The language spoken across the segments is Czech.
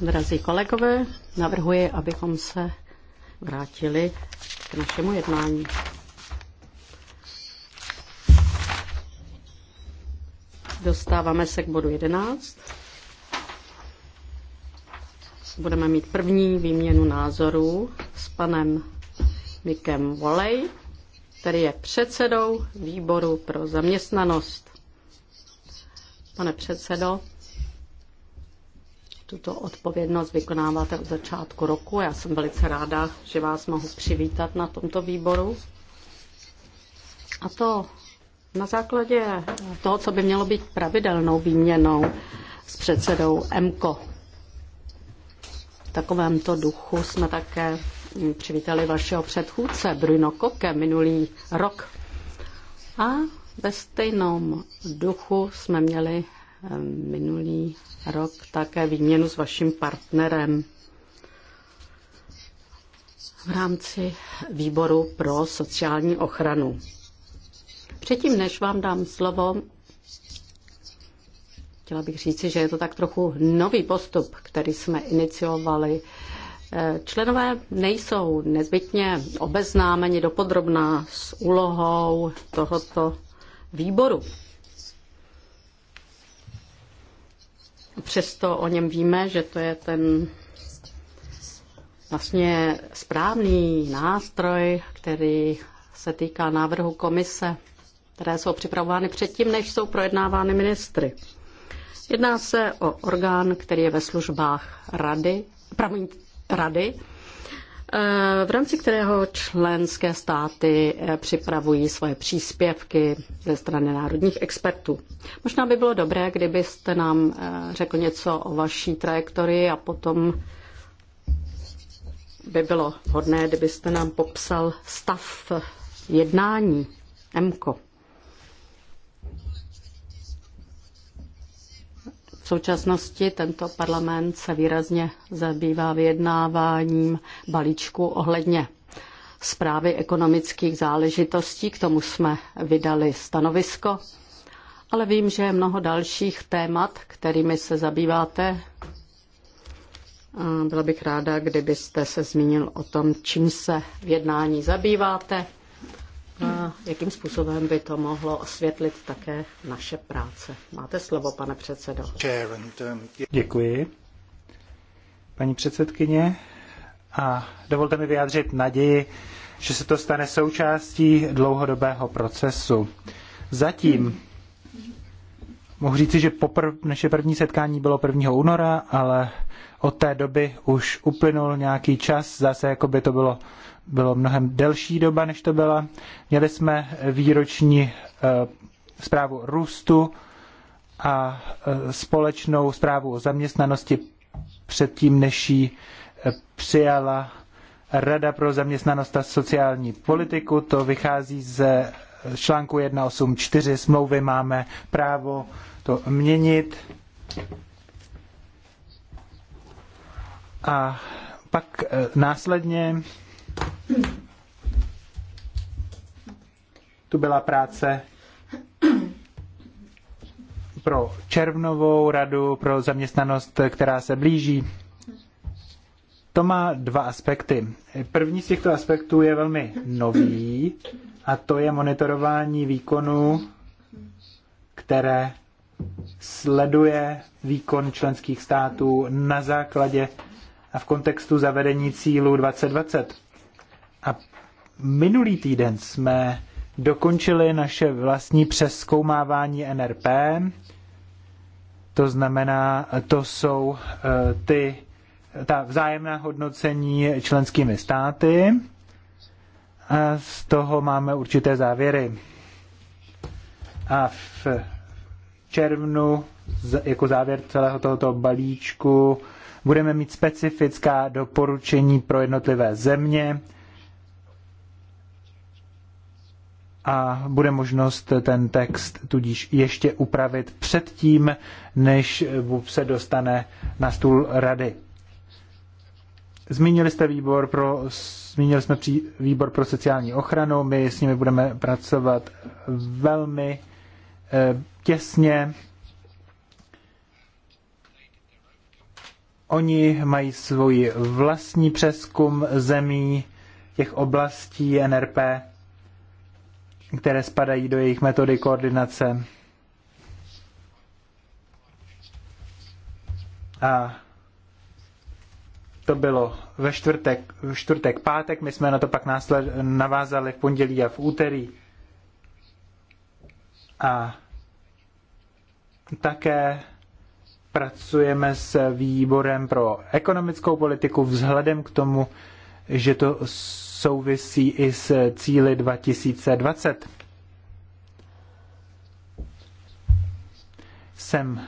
Drazí kolegové, navrhuji, abychom se vrátili k našemu jednání. Dostáváme se k bodu 11. Budeme mít první výměnu názorů s panem Mikem Volej, který je předsedou výboru pro zaměstnanost. Pane předsedo, tuto odpovědnost vykonáváte od začátku roku. Já jsem velice ráda, že vás mohu přivítat na tomto výboru. A to na základě toho, co by mělo být pravidelnou výměnou s předsedou MKO. V takovémto duchu jsme také přivítali vašeho předchůdce Bruno Koke minulý rok. A ve stejném duchu jsme měli minulý rok také výměnu s vaším partnerem v rámci výboru pro sociální ochranu. Předtím, než vám dám slovo, chtěla bych říci, že je to tak trochu nový postup, který jsme iniciovali. Členové nejsou nezbytně obeznámeni dopodrobná s úlohou tohoto výboru. Přesto o něm víme, že to je ten vlastně správný nástroj, který se týká návrhu komise, které jsou připravovány předtím, než jsou projednávány ministry. Jedná se o orgán, který je ve službách rady, pravý, rady Eh, v rámci kterého členské státy eh, připravují svoje příspěvky ze strany národních expertů. Možná by bylo dobré, kdybyste nám eh, řekl něco o vaší trajektorii a potom by bylo vhodné, kdybyste nám popsal stav jednání Mko. V současnosti tento parlament se výrazně zabývá vyjednáváním balíčku ohledně zprávy ekonomických záležitostí, k tomu jsme vydali stanovisko, ale vím, že je mnoho dalších témat, kterými se zabýváte. Byla bych ráda, kdybyste se zmínil o tom, čím se v jednání zabýváte a jakým způsobem by to mohlo osvětlit také naše práce. Máte slovo, pane předsedo. Um, Děkuji. Paní předsedkyně, a dovolte mi vyjádřit naději, že se to stane součástí dlouhodobého procesu. Zatím mohu říci, že poprv, naše první setkání bylo 1. února, ale od té doby už uplynul nějaký čas, zase jako by to bylo bylo mnohem delší doba, než to byla. Měli jsme výroční eh, zprávu růstu a eh, společnou zprávu o zaměstnanosti předtím, než ji eh, přijala Rada pro zaměstnanost a sociální politiku. To vychází ze článku 184 smlouvy. Máme právo to měnit. A pak následně tu byla práce pro červnovou radu pro zaměstnanost, která se blíží. To má dva aspekty. První z těchto aspektů je velmi nový a to je monitorování výkonu, které sleduje výkon členských států na základě a v kontextu zavedení cílů 2020. A minulý týden jsme dokončili naše vlastní přeskoumávání NRP. To znamená, to jsou eh, ty, ta vzájemná hodnocení členskými státy. A z toho máme určité závěry. A v červnu jako závěr celého tohoto balíčku budeme mít specifická doporučení pro jednotlivé země a bude možnost ten text tudíž ještě upravit předtím, než se dostane na stůl rady. Zmínili jste výbor pro, zmínili jsme pří, výbor pro sociální ochranu, my s nimi budeme pracovat velmi e, těsně. Oni mají svůj vlastní přeskum zemí, těch oblastí NRP které spadají do jejich metody koordinace. A to bylo ve čtvrtek, v čtvrtek, pátek, my jsme na to pak násled, navázali v pondělí a v úterý. A také pracujeme s výborem pro ekonomickou politiku vzhledem k tomu, že to souvisí i s cíly 2020. Jsem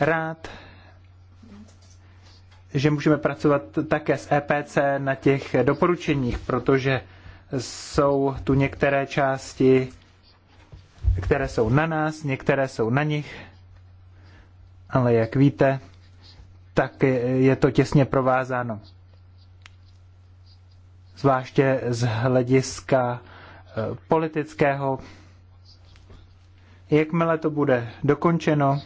rád, že můžeme pracovat také s EPC na těch doporučeních, protože jsou tu některé části, které jsou na nás, některé jsou na nich, ale jak víte, tak je to těsně provázáno zvláště z hlediska eh, politického. Jakmile to bude dokončeno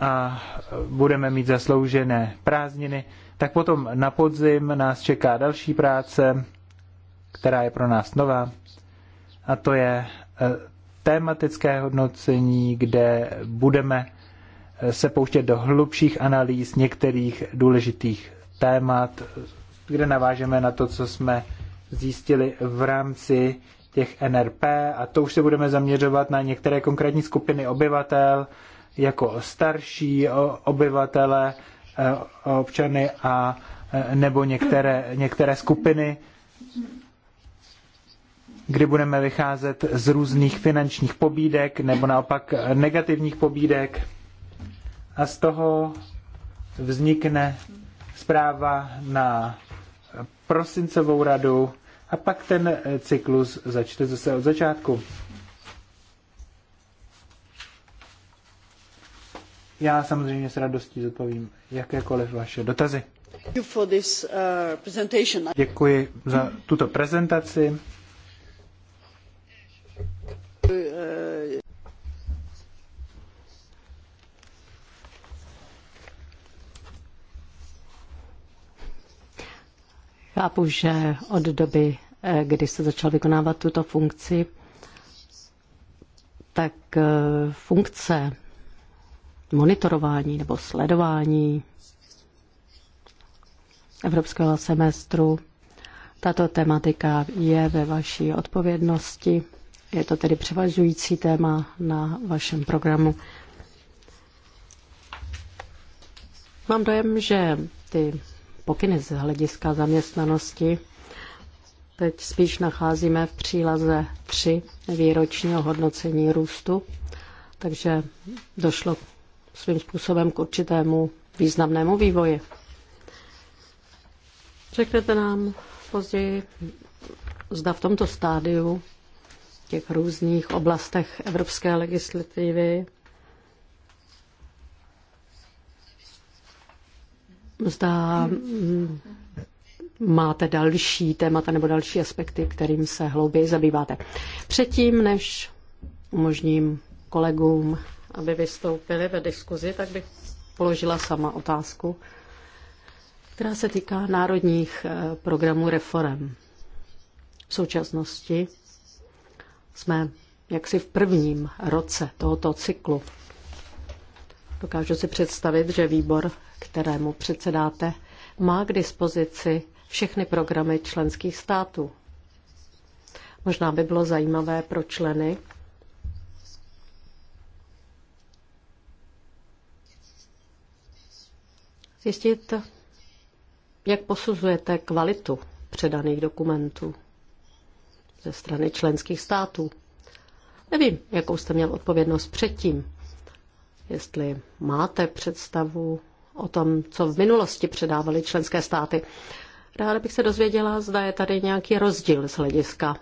a eh, budeme mít zasloužené prázdniny, tak potom na podzim nás čeká další práce, která je pro nás nová, a to je eh, tématické hodnocení, kde budeme se pouštět do hlubších analýz některých důležitých témat kde navážeme na to, co jsme zjistili v rámci těch NRP a to už se budeme zaměřovat na některé konkrétní skupiny obyvatel, jako starší obyvatele, eh, občany a eh, nebo některé, některé skupiny, kdy budeme vycházet z různých finančních pobídek nebo naopak negativních pobídek a z toho vznikne zpráva na prosincovou radu a pak ten eh, cyklus začne zase od začátku. Já samozřejmě s radostí zodpovím jakékoliv vaše dotazy. Uh, Děkuji za tuto prezentaci. Uh, Chápu, že od doby, eh, kdy se začal vykonávat tuto funkci, tak eh, funkce monitorování nebo sledování evropského semestru. Tato tematika je ve vaší odpovědnosti. Je to tedy převažující téma na vašem programu. Mám dojem, že ty pokyny z hlediska zaměstnanosti teď spíš nacházíme v přílaze 3 výročního hodnocení růstu, takže došlo svým způsobem k určitému významnému vývoji. Řeknete nám později, zda v tomto stádiu těch různých oblastech evropské legislativy Zda mm, máte další témata nebo další aspekty, kterým se hlouběji zabýváte. Předtím, než umožním kolegům, aby vystoupili ve diskuzi, tak bych položila sama otázku, která se týká národních eh, programů reform. V současnosti jsme jaksi v prvním roce tohoto cyklu Dokážu si představit, že výbor, kterému předsedáte, má k dispozici všechny programy členských států. Možná by bylo zajímavé pro členy, zjistit, jak posuzujete kvalitu předaných dokumentů ze strany členských států. Nevím, jakou jste měl odpovědnost předtím, jestli máte představu o tom, co v minulosti předávaly členské státy. Ráda bych se dozvěděla, zda je tady nějaký rozdíl z hlediska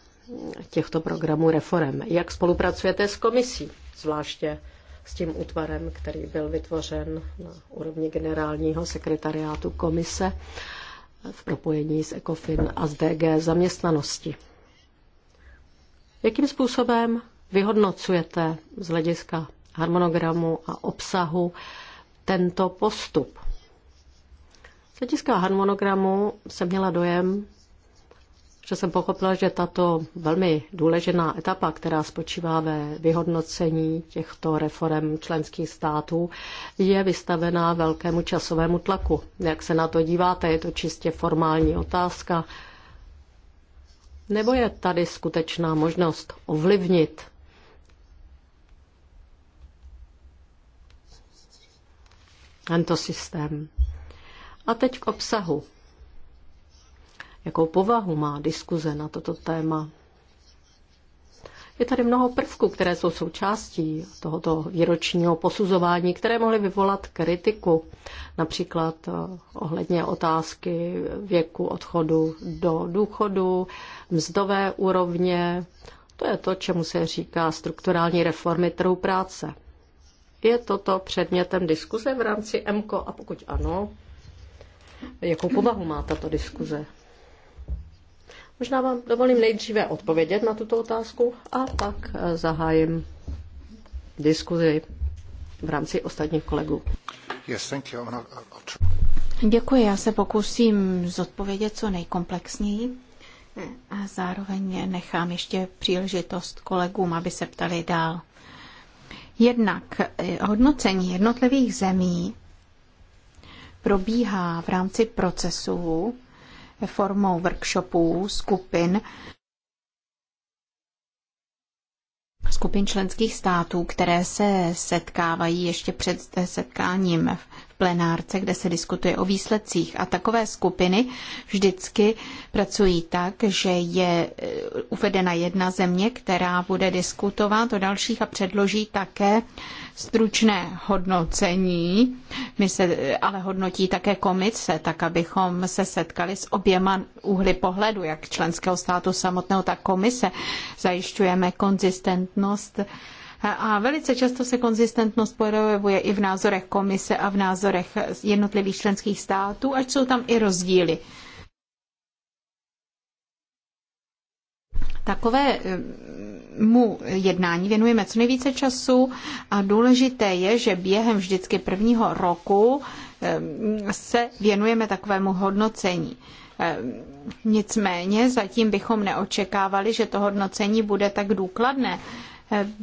těchto programů reform. Jak spolupracujete s komisí, zvláště s tím útvarem, který byl vytvořen na úrovni generálního sekretariátu komise v propojení s ECOFIN a s DG zaměstnanosti. Jakým způsobem vyhodnocujete z hlediska harmonogramu a obsahu tento postup. Z hlediska harmonogramu jsem měla dojem, že jsem pochopila, že tato velmi důležitá etapa, která spočívá ve vyhodnocení těchto reform členských států, je vystavená velkému časovému tlaku. Jak se na to díváte, je to čistě formální otázka. Nebo je tady skutečná možnost ovlivnit tento systém. A teď k obsahu. Jakou povahu má diskuze na toto téma? Je tady mnoho prvků, které jsou součástí tohoto výročního posuzování, které mohly vyvolat kritiku, například eh, ohledně otázky věku odchodu do důchodu, mzdové úrovně. To je to, čemu se říká strukturální reformy trhu práce. Je toto předmětem diskuze v rámci MKO a pokud ano, jakou povahu má tato diskuze? Možná vám dovolím nejdříve odpovědět na tuto otázku a pak eh, zahájím diskuzi v rámci ostatních kolegů. Yes, Děkuji, já se pokusím zodpovědět co nejkomplexněji a zároveň nechám ještě příležitost kolegům, aby se ptali dál. Jednak eh, hodnocení jednotlivých zemí probíhá v rámci procesu formou workshopů, skupin skupin členských států, které se setkávají ještě před setkáním v plenárce, kde se diskutuje o výsledcích. A takové skupiny vždycky pracují tak, že je eh, uvedena jedna země, která bude diskutovat o dalších a předloží také stručné hodnocení. My se ale hodnotí také komise, tak abychom se setkali s oběma úhly pohledu, jak členského státu samotného, tak komise. Zajišťujeme konzistentnost a velice často se konzistentnost projevuje i v názorech komise a v názorech jednotlivých členských států, ať jsou tam i rozdíly. Takovému eh, jednání věnujeme co nejvíce času a důležité je, že během vždycky prvního roku eh, se věnujeme takovému hodnocení. Eh, nicméně zatím bychom neočekávali, že to hodnocení bude tak důkladné.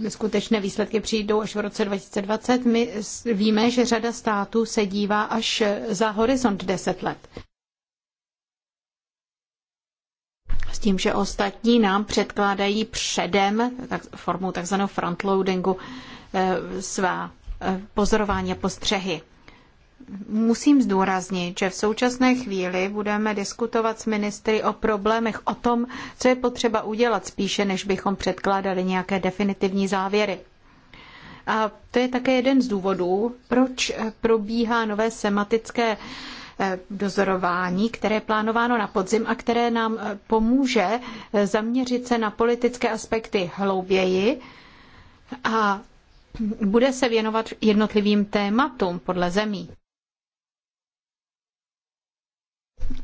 Skutečné výsledky přijdou až v roce 2020. My víme, že řada států se dívá až za horizont 10 let. tím, že ostatní nám předkládají předem tak, formou takzvaného frontloadingu eh, svá eh, pozorování a postřehy. Musím zdůraznit, že v současné chvíli budeme diskutovat s ministry o problémech, o tom, co je potřeba udělat spíše, než bychom předkládali nějaké definitivní závěry. A to je také jeden z důvodů, proč eh, probíhá nové sematické uh, Eh, dozorování, které je plánováno na podzim a které nám eh, pomůže eh, zaměřit se na politické aspekty hlouběji a bude se věnovat jednotlivým tématům podle zemí.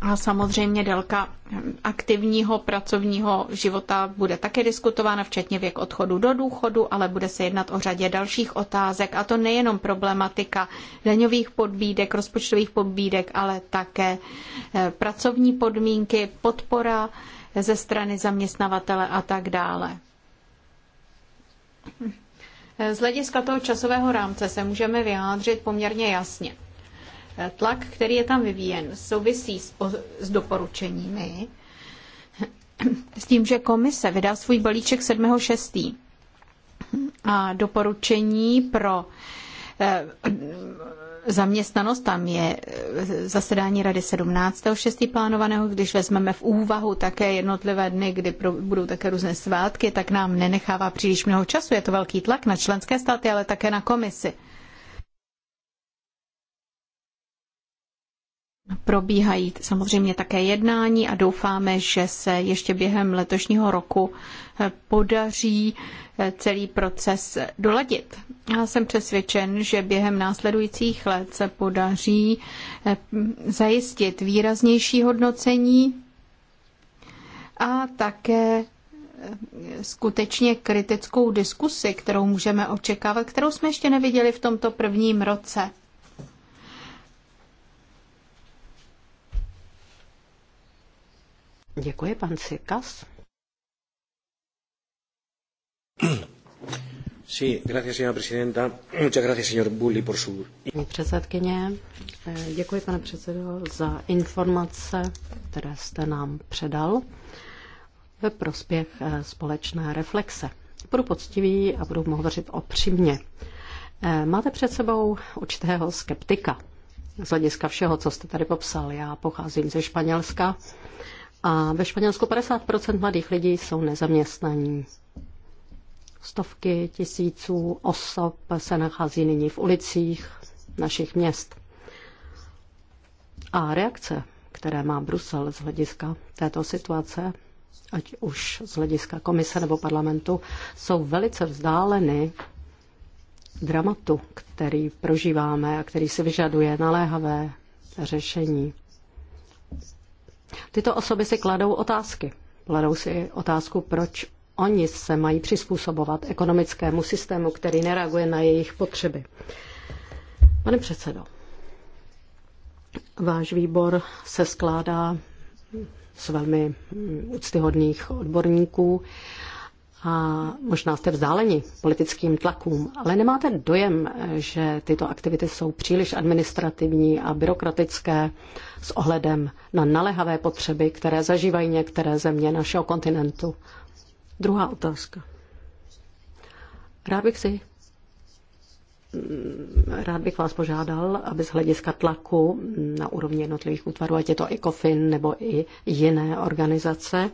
A samozřejmě délka ehm, aktivního pracovního života bude také diskutována, včetně věk odchodu do důchodu, ale bude se jednat o řadě dalších otázek, a to nejenom problematika daňových podbídek, rozpočtových podbídek, ale také eh, pracovní podmínky, podpora eh, ze strany zaměstnavatele a tak dále. Hm. Eh, z hlediska toho časového rámce se můžeme vyjádřit poměrně jasně tlak, který je tam vyvíjen, souvisí s, s doporučeními, s tím, že komise vydá svůj balíček 7.6. a doporučení pro eh, zaměstnanost, tam je eh, zasedání rady 17.6. plánovaného, když vezmeme v úvahu také jednotlivé dny, kdy budou také různé svátky, tak nám nenechává příliš mnoho času. Je to velký tlak na členské státy, ale také na komisi. Probíhají samozřejmě také jednání a doufáme, že se ještě během letošního roku eh, podaří eh, celý proces doladit. Já jsem přesvědčen, že během následujících let se podaří eh, zajistit výraznější hodnocení a také skutečně kritickou diskusi, kterou můžeme očekávat, kterou jsme ještě neviděli v tomto prvním roce. Děkuji, pan Sirkas. Sí, gracias, señora presidenta. Muchas gracias, señor Bulli, por su... Předsedkyně, děkuji, pane předsedo, za informace, které jste nám předal ve prospěch eh, společné reflexe. Budu poctivý a budu hovořit opřímně. Eh, máte před sebou určitého skeptika z hlediska všeho, co jste tady popsal. Já pocházím ze Španělska a ve Španělsku 50% mladých lidí jsou nezaměstnaní. Stovky tisíců osob se nachází nyní v ulicích našich měst. A reakce, které má Brusel z hlediska této situace, ať už z hlediska komise nebo parlamentu, jsou velice vzdáleny dramatu, který prožíváme a který si vyžaduje naléhavé řešení. Tyto osoby si kladou otázky. Kladou si otázku, proč oni se mají přizpůsobovat ekonomickému systému, který nereaguje na jejich potřeby. Pane předsedo, váš výbor se skládá z velmi mm, úctyhodných odborníků a možná jste vzdáleni politickým tlakům, ale nemáte dojem, že tyto aktivity jsou příliš administrativní a byrokratické s ohledem na nalehavé potřeby, které zažívají některé země našeho kontinentu. Druhá otázka. Rád bych si mm, rád bych vás požádal, aby z hlediska tlaku na úrovni jednotlivých útvarů, ať je to Ecofin nebo i jiné organizace,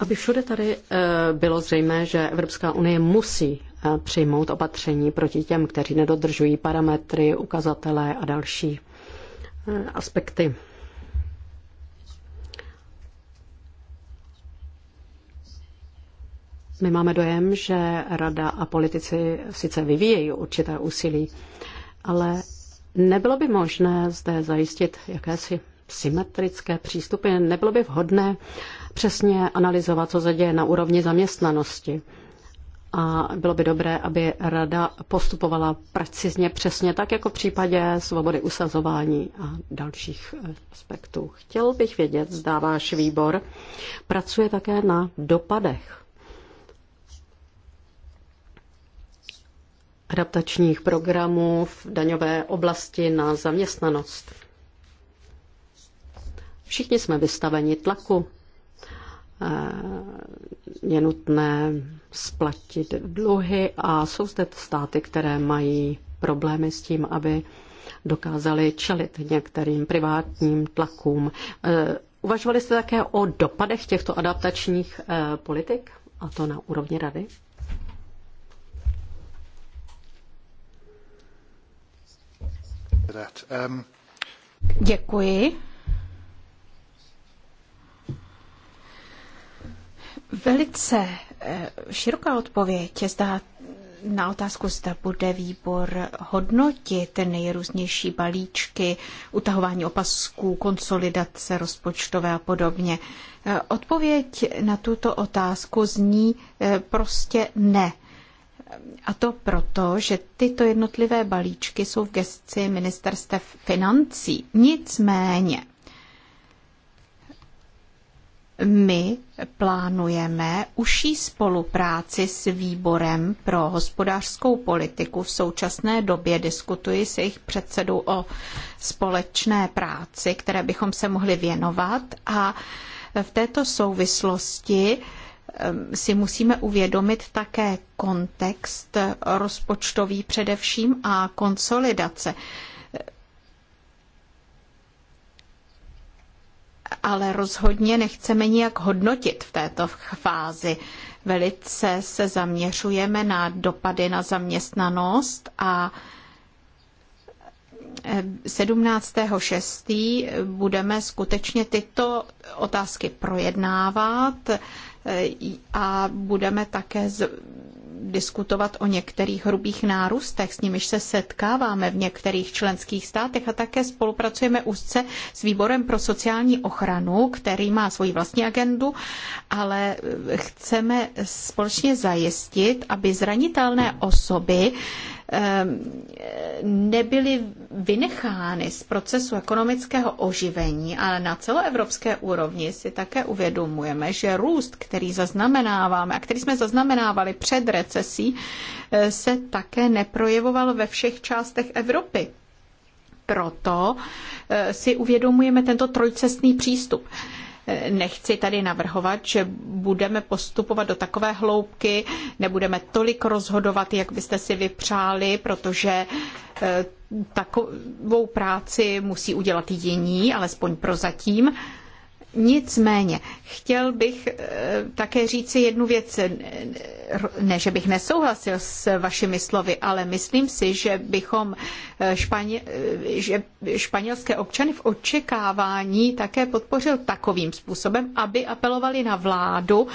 aby všude tady eh, bylo zřejmé, že Evropská unie musí eh, přijmout opatření proti těm, kteří nedodržují parametry, ukazatele a další eh, aspekty. My máme dojem, že rada a politici sice vyvíjejí určité úsilí, ale nebylo by možné zde zajistit jakési symetrické přístupy, nebylo by vhodné uh, přesně analyzovat, co se děje na úrovni zaměstnanosti. A bylo by dobré, aby rada postupovala precizně, přesně tak, jako v případě svobody usazování a dalších eh, aspektů. Chtěl bych vědět, zda váš výbor pracuje také na dopadech adaptačních programů v daňové oblasti na zaměstnanost. Všichni jsme vystaveni tlaku Eh, je nutné splatit dluhy a jsou zde státy, které mají problémy s tím, aby dokázali čelit některým privátním tlakům. Eh, uvažovali jste také o dopadech těchto adaptačních eh, politik, a to na úrovni rady? Um, Děkuji. Velice eh, široká odpověď zda na otázku, zda bude výbor hodnotit nejrůznější balíčky, utahování opasků, konsolidace rozpočtové a podobně. Eh, odpověď na tuto otázku zní eh, prostě ne. A to proto, že tyto jednotlivé balíčky jsou v gestci ministerstev financí. Nicméně my plánujeme užší spolupráci s výborem pro hospodářskou politiku. V současné době diskutuji s jejich předsedou o společné práci, které bychom se mohli věnovat a v této souvislosti ehm, si musíme uvědomit také kontext rozpočtový především a konsolidace. ale rozhodně nechceme nijak hodnotit v této fázi. Velice se zaměřujeme na dopady na zaměstnanost a 17.6. Eh, budeme skutečně tyto otázky projednávat eh, a budeme také diskutovat o některých hrubých nárůstech, s nimiž se setkáváme v některých členských státech a také spolupracujeme úzce s Výborem pro sociální ochranu, který má svoji vlastní agendu, ale eh, chceme společně zajistit, aby zranitelné osoby Ehm, nebyly vynechány z procesu ekonomického oživení, ale na celoevropské úrovni si také uvědomujeme, že růst, který zaznamenáváme a který jsme zaznamenávali před recesí, eh, se také neprojevoval ve všech částech Evropy. Proto eh, si uvědomujeme tento trojcestný přístup. Nechci tady navrhovat, že budeme postupovat do takové hloubky, nebudeme tolik rozhodovat, jak byste si vypřáli, protože eh, takovou práci musí udělat jiní, alespoň prozatím. zatím Nicméně, chtěl bych eh, také říci jednu věc. Ne, že bych nesouhlasil s vašimi slovy, ale myslím si, že bychom eh, španě, eh, že španělské občany v očekávání také podpořil takovým způsobem, aby apelovali na vládu,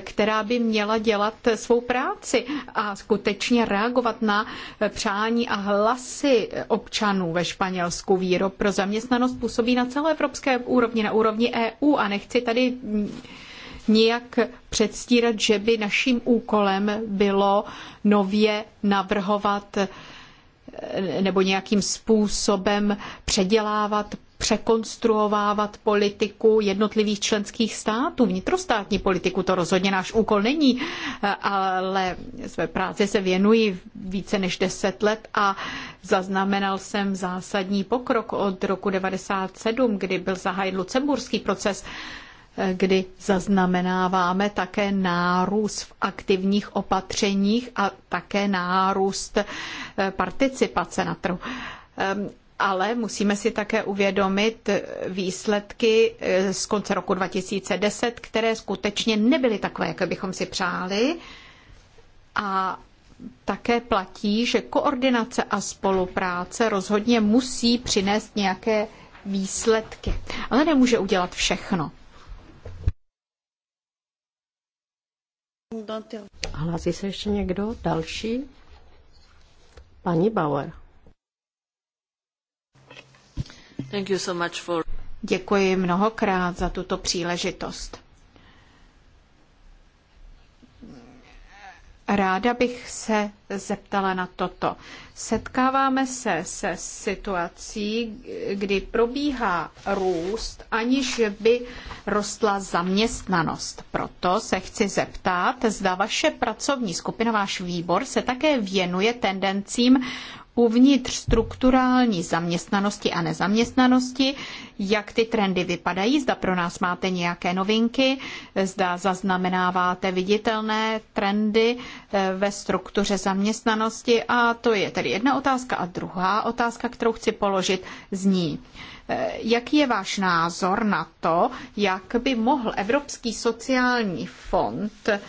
která by měla dělat svou práci a skutečně reagovat na přání a hlasy občanů ve Španělsku. Výrob pro zaměstnanost působí na celé evropské úrovni, na úrovni EU EU a nechci tady nijak předstírat, že by naším úkolem bylo nově navrhovat eh, nebo nějakým způsobem předělávat překonstruovávat politiku jednotlivých členských států. Vnitrostátní politiku to rozhodně náš úkol není, ale své práci se věnuji více než deset let a zaznamenal jsem zásadní pokrok od roku 1997, kdy byl zahájen lucemburský proces kdy zaznamenáváme také nárůst v aktivních opatřeních a také nárůst eh, participace na trhu. Ehm, ale musíme si také uvědomit výsledky eh, z konce roku 2010, které skutečně nebyly takové, jaké bychom si přáli. A také platí, že koordinace a spolupráce rozhodně musí přinést nějaké výsledky, ale nemůže udělat všechno. Hlásí se ještě někdo další? Paní Bauer. Thank you so much for... Děkuji mnohokrát za tuto příležitost. Ráda bych se zeptala na toto. Setkáváme se se situací, kdy probíhá růst, aniž by rostla zaměstnanost. Proto se chci zeptat, zda vaše pracovní skupina, váš výbor se také věnuje tendencím uvnitř strukturální zaměstnanosti a nezaměstnanosti, jak ty trendy vypadají, zda pro nás máte nějaké novinky, zda zaznamenáváte viditelné trendy eh, ve struktuře zaměstnanosti a to je tedy jedna otázka. A druhá otázka, kterou chci položit, zní, eh, jaký je váš názor na to, jak by mohl Evropský sociální fond eh,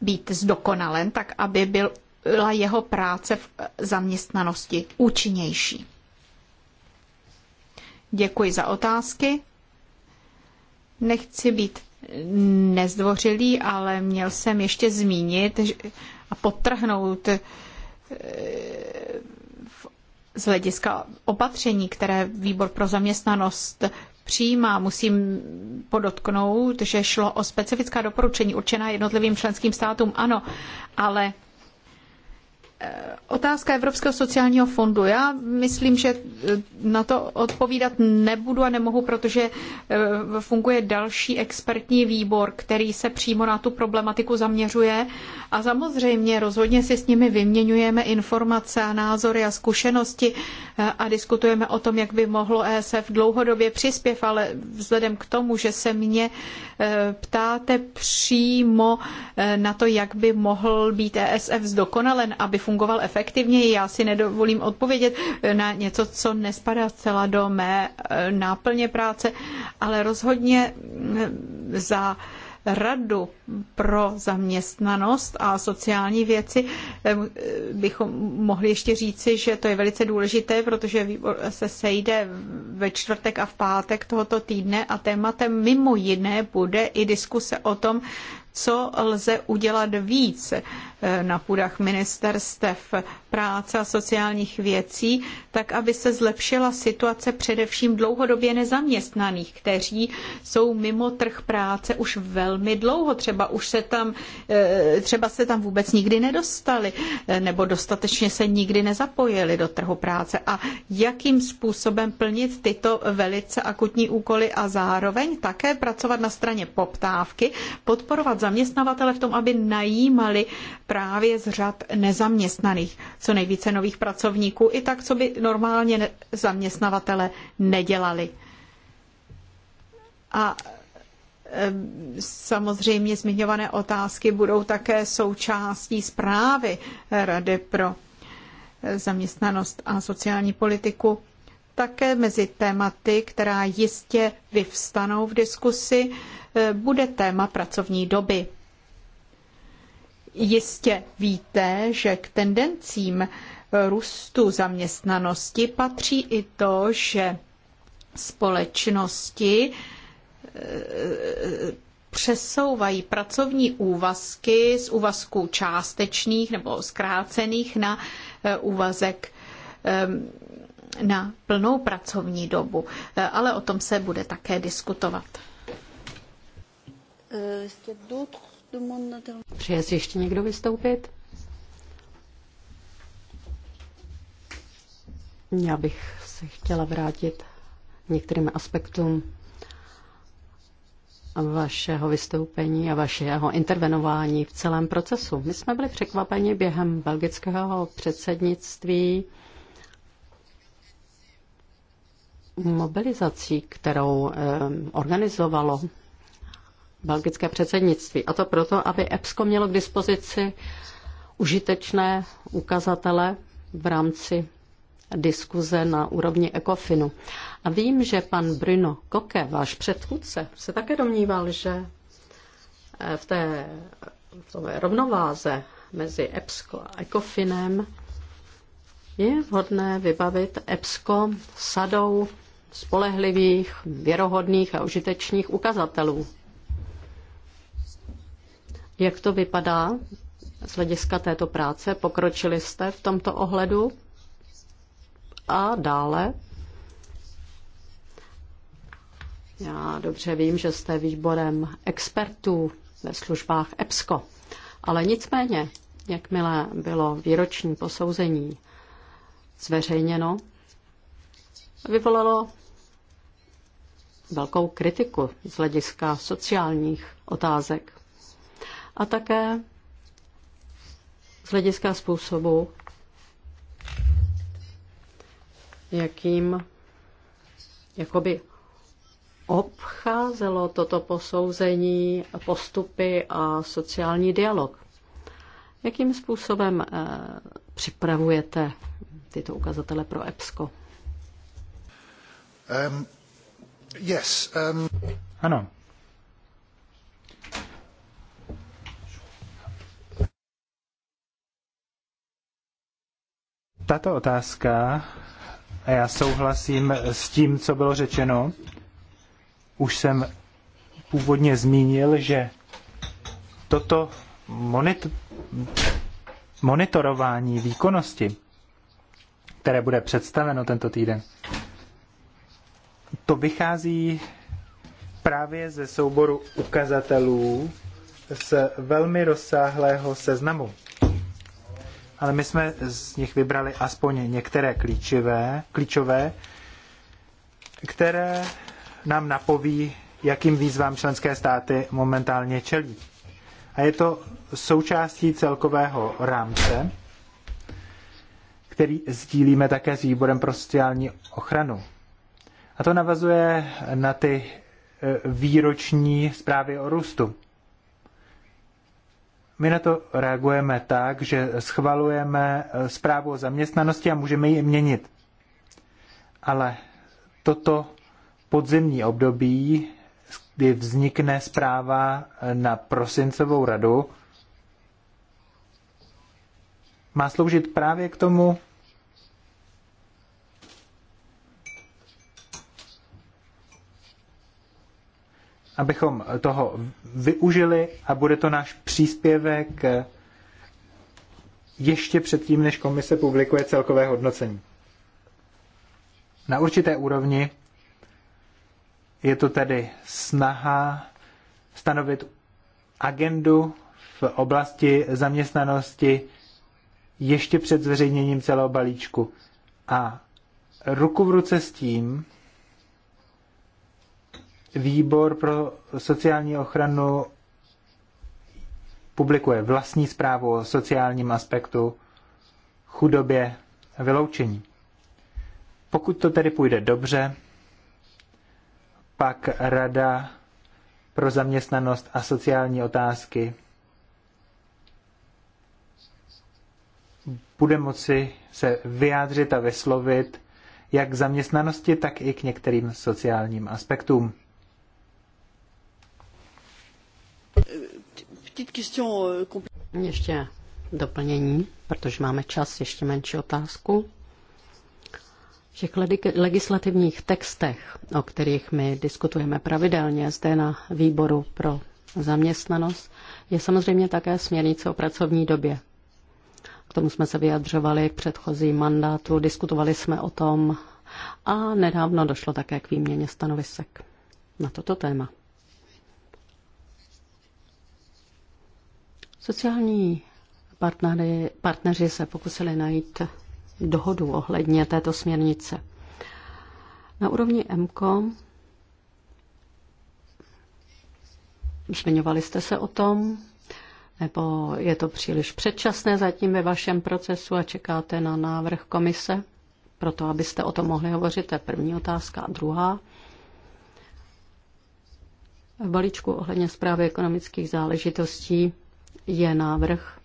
být zdokonalen, tak aby byl byla jeho práce v eh, zaměstnanosti účinnější? Děkuji za otázky. Nechci být nezdvořilý, ale měl jsem ještě zmínit a potrhnout eh, z hlediska opatření, které výbor pro zaměstnanost přijímá, musím podotknout, že šlo o specifická doporučení určená jednotlivým členským státům, ano, ale Eh, otázka Evropského sociálního fondu. Já myslím, že eh, na to odpovídat nebudu a nemohu, protože eh, funguje další expertní výbor, který se přímo na tu problematiku zaměřuje. A samozřejmě rozhodně si s nimi vyměňujeme informace a názory a zkušenosti a diskutujeme o tom, jak by mohlo ESF dlouhodobě přispěv, ale vzhledem k tomu, že se mě ptáte přímo na to, jak by mohl být ESF zdokonalen, aby fungoval fungoval efektivněji. Já si nedovolím odpovědět eh, na něco, co nespadá zcela do mé eh, náplně práce, ale rozhodně mm, za radu pro zaměstnanost a sociální věci eh, bychom mohli ještě říci, že to je velice důležité, protože výbor se sejde ve čtvrtek a v pátek tohoto týdne a tématem mimo jiné bude i diskuse o tom, co lze udělat víc na půdách ministerstev práce a sociálních věcí, tak aby se zlepšila situace především dlouhodobě nezaměstnaných, kteří jsou mimo trh práce už velmi dlouho, třeba už se tam, eh, třeba se tam vůbec nikdy nedostali, eh, nebo dostatečně se nikdy nezapojili do trhu práce. A jakým způsobem plnit tyto velice akutní úkoly a zároveň také pracovat na straně poptávky, podporovat zaměstnavatele v tom, aby najímali právě z řad nezaměstnaných co nejvíce nových pracovníků, i tak, co by normálně zaměstnavatele nedělali. A e, samozřejmě zmiňované otázky budou také součástí zprávy Rady pro e, zaměstnanost a sociální politiku také mezi tématy, která jistě vyvstanou v diskusi, eh, bude téma pracovní doby. Jistě víte, že k tendencím růstu zaměstnanosti patří i to, že společnosti eh, přesouvají pracovní úvazky z úvazků částečných nebo zkrácených na eh, úvazek na plnou pracovní dobu, e, ale o tom se bude také diskutovat. Přeje si ještě někdo vystoupit? Já bych se chtěla vrátit některým aspektům vašeho vystoupení a vašeho intervenování v celém procesu. My jsme byli překvapeni během belgického předsednictví mobilizací, kterou organizovalo belgické předsednictví. A to proto, aby EPSCO mělo k dispozici užitečné ukazatele v rámci diskuze na úrovni ECOFINu. A vím, že pan Bruno Koke, váš předchůdce, se také domníval, že eh, v té v rovnováze mezi EPSCO a ECOFINem je vhodné vybavit EBSCO sadou spolehlivých, věrohodných a užitečných ukazatelů. Jak to vypadá z hlediska této práce? Pokročili jste v tomto ohledu? A dále já dobře vím, že jste výborem expertů ve službách EPSCO, ale nicméně, jakmile bylo výroční posouzení zveřejněno, vyvolalo velkou kritiku z hlediska sociálních otázek a také z hlediska způsobu, jakým jakoby obcházelo toto posouzení postupy a sociální dialog. Jakým způsobem eh, připravujete tyto ukazatele pro EPSCO. Um, yes, um... Ano. Tato otázka, a já souhlasím s tím, co bylo řečeno, už jsem původně zmínil, že toto monitorování výkonnosti které bude představeno tento týden, to vychází právě ze souboru ukazatelů z velmi rozsáhlého seznamu. Ale my jsme z nich vybrali aspoň některé klíčivé, klíčové, které nám napoví, jakým výzvám členské státy momentálně čelí. A je to součástí celkového rámce, který sdílíme také s výborem pro sociální ochranu. A to navazuje na ty e, výroční zprávy o růstu. My na to reagujeme tak, že schvalujeme e, zprávu o zaměstnanosti a můžeme ji měnit. Ale toto podzimní období, kdy vznikne zpráva na prosincovou radu, má sloužit právě k tomu, abychom toho využili a bude to náš příspěvek ještě předtím, než komise publikuje celkové hodnocení. Na určité úrovni je to tedy snaha stanovit agendu v oblasti zaměstnanosti ještě před zveřejněním celého balíčku. A ruku v ruce s tím výbor pro sociální ochranu publikuje vlastní zprávu o sociálním aspektu chudobě a vyloučení. Pokud to tedy půjde dobře, pak Rada pro zaměstnanost a sociální otázky bude moci se vyjádřit a vyslovit jak k zaměstnanosti, tak i k některým sociálním aspektům. Euh, ještě doplnění, protože máme čas, ještě menší otázku. V těch legislativních textech, o kterých my diskutujeme pravidelně zde na výboru pro zaměstnanost, je samozřejmě také směrnice o pracovní době. K tomu jsme se vyjadřovali v předchozí mandátu, diskutovali jsme o tom a nedávno došlo také k výměně stanovisek na toto téma. Sociální partnery, partneři se pokusili najít dohodu ohledně této směrnice. Na úrovni MKO zmiňovali jste se o tom, nebo je to příliš předčasné zatím ve vašem procesu a čekáte na návrh komise? Proto, abyste o tom mohli hovořit, to je první otázka. A druhá, v balíčku ohledně zprávy ekonomických záležitostí je návrh,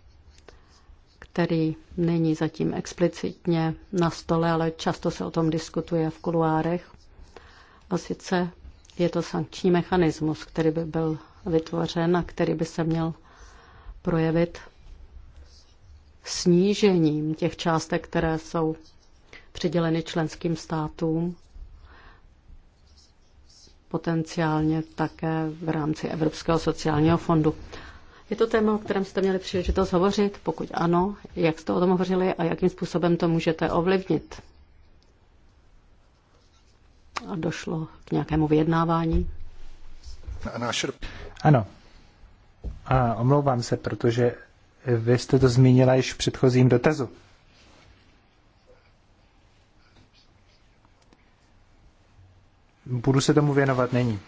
který není zatím explicitně na stole, ale často se o tom diskutuje v kuluárech. A sice je to sankční mechanismus, který by byl vytvořen a který by se měl projevit snížením těch částek, které jsou přiděleny členským státům, potenciálně také v rámci Evropského sociálního fondu. Je to téma, o kterém jste měli příležitost hovořit? Pokud ano, jak jste o tom hovořili a jakým způsobem to můžete ovlivnit? A došlo k nějakému vyjednávání? Ano, a omlouvám se, protože vy jste to zmínila již v předchozím dotazu. Budu se tomu věnovat není.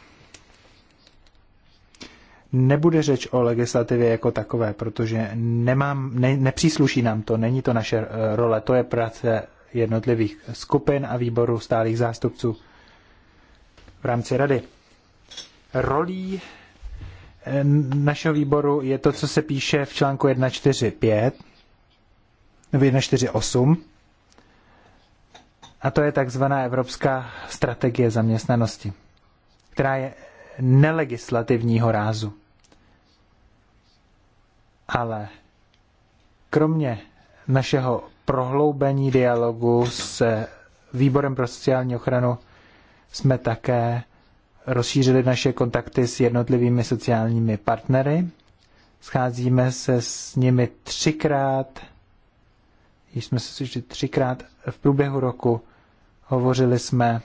Nebude řeč o legislativě jako takové, protože nemám, ne, nepřísluší nám to, není to naše eh, role, to je práce jednotlivých skupin a výboru stálých zástupců v rámci rady. Rolí našeho výboru je to, co se píše v článku 145 nebo 148. A to je takzvaná Evropská strategie zaměstnanosti, která je nelegislativního rázu. Ale kromě našeho prohloubení dialogu s Výborem pro sociální ochranu jsme také rozšířili naše kontakty s jednotlivými sociálními partnery. Scházíme se s nimi třikrát, již jsme se slyšeli třikrát v průběhu roku. Hovořili jsme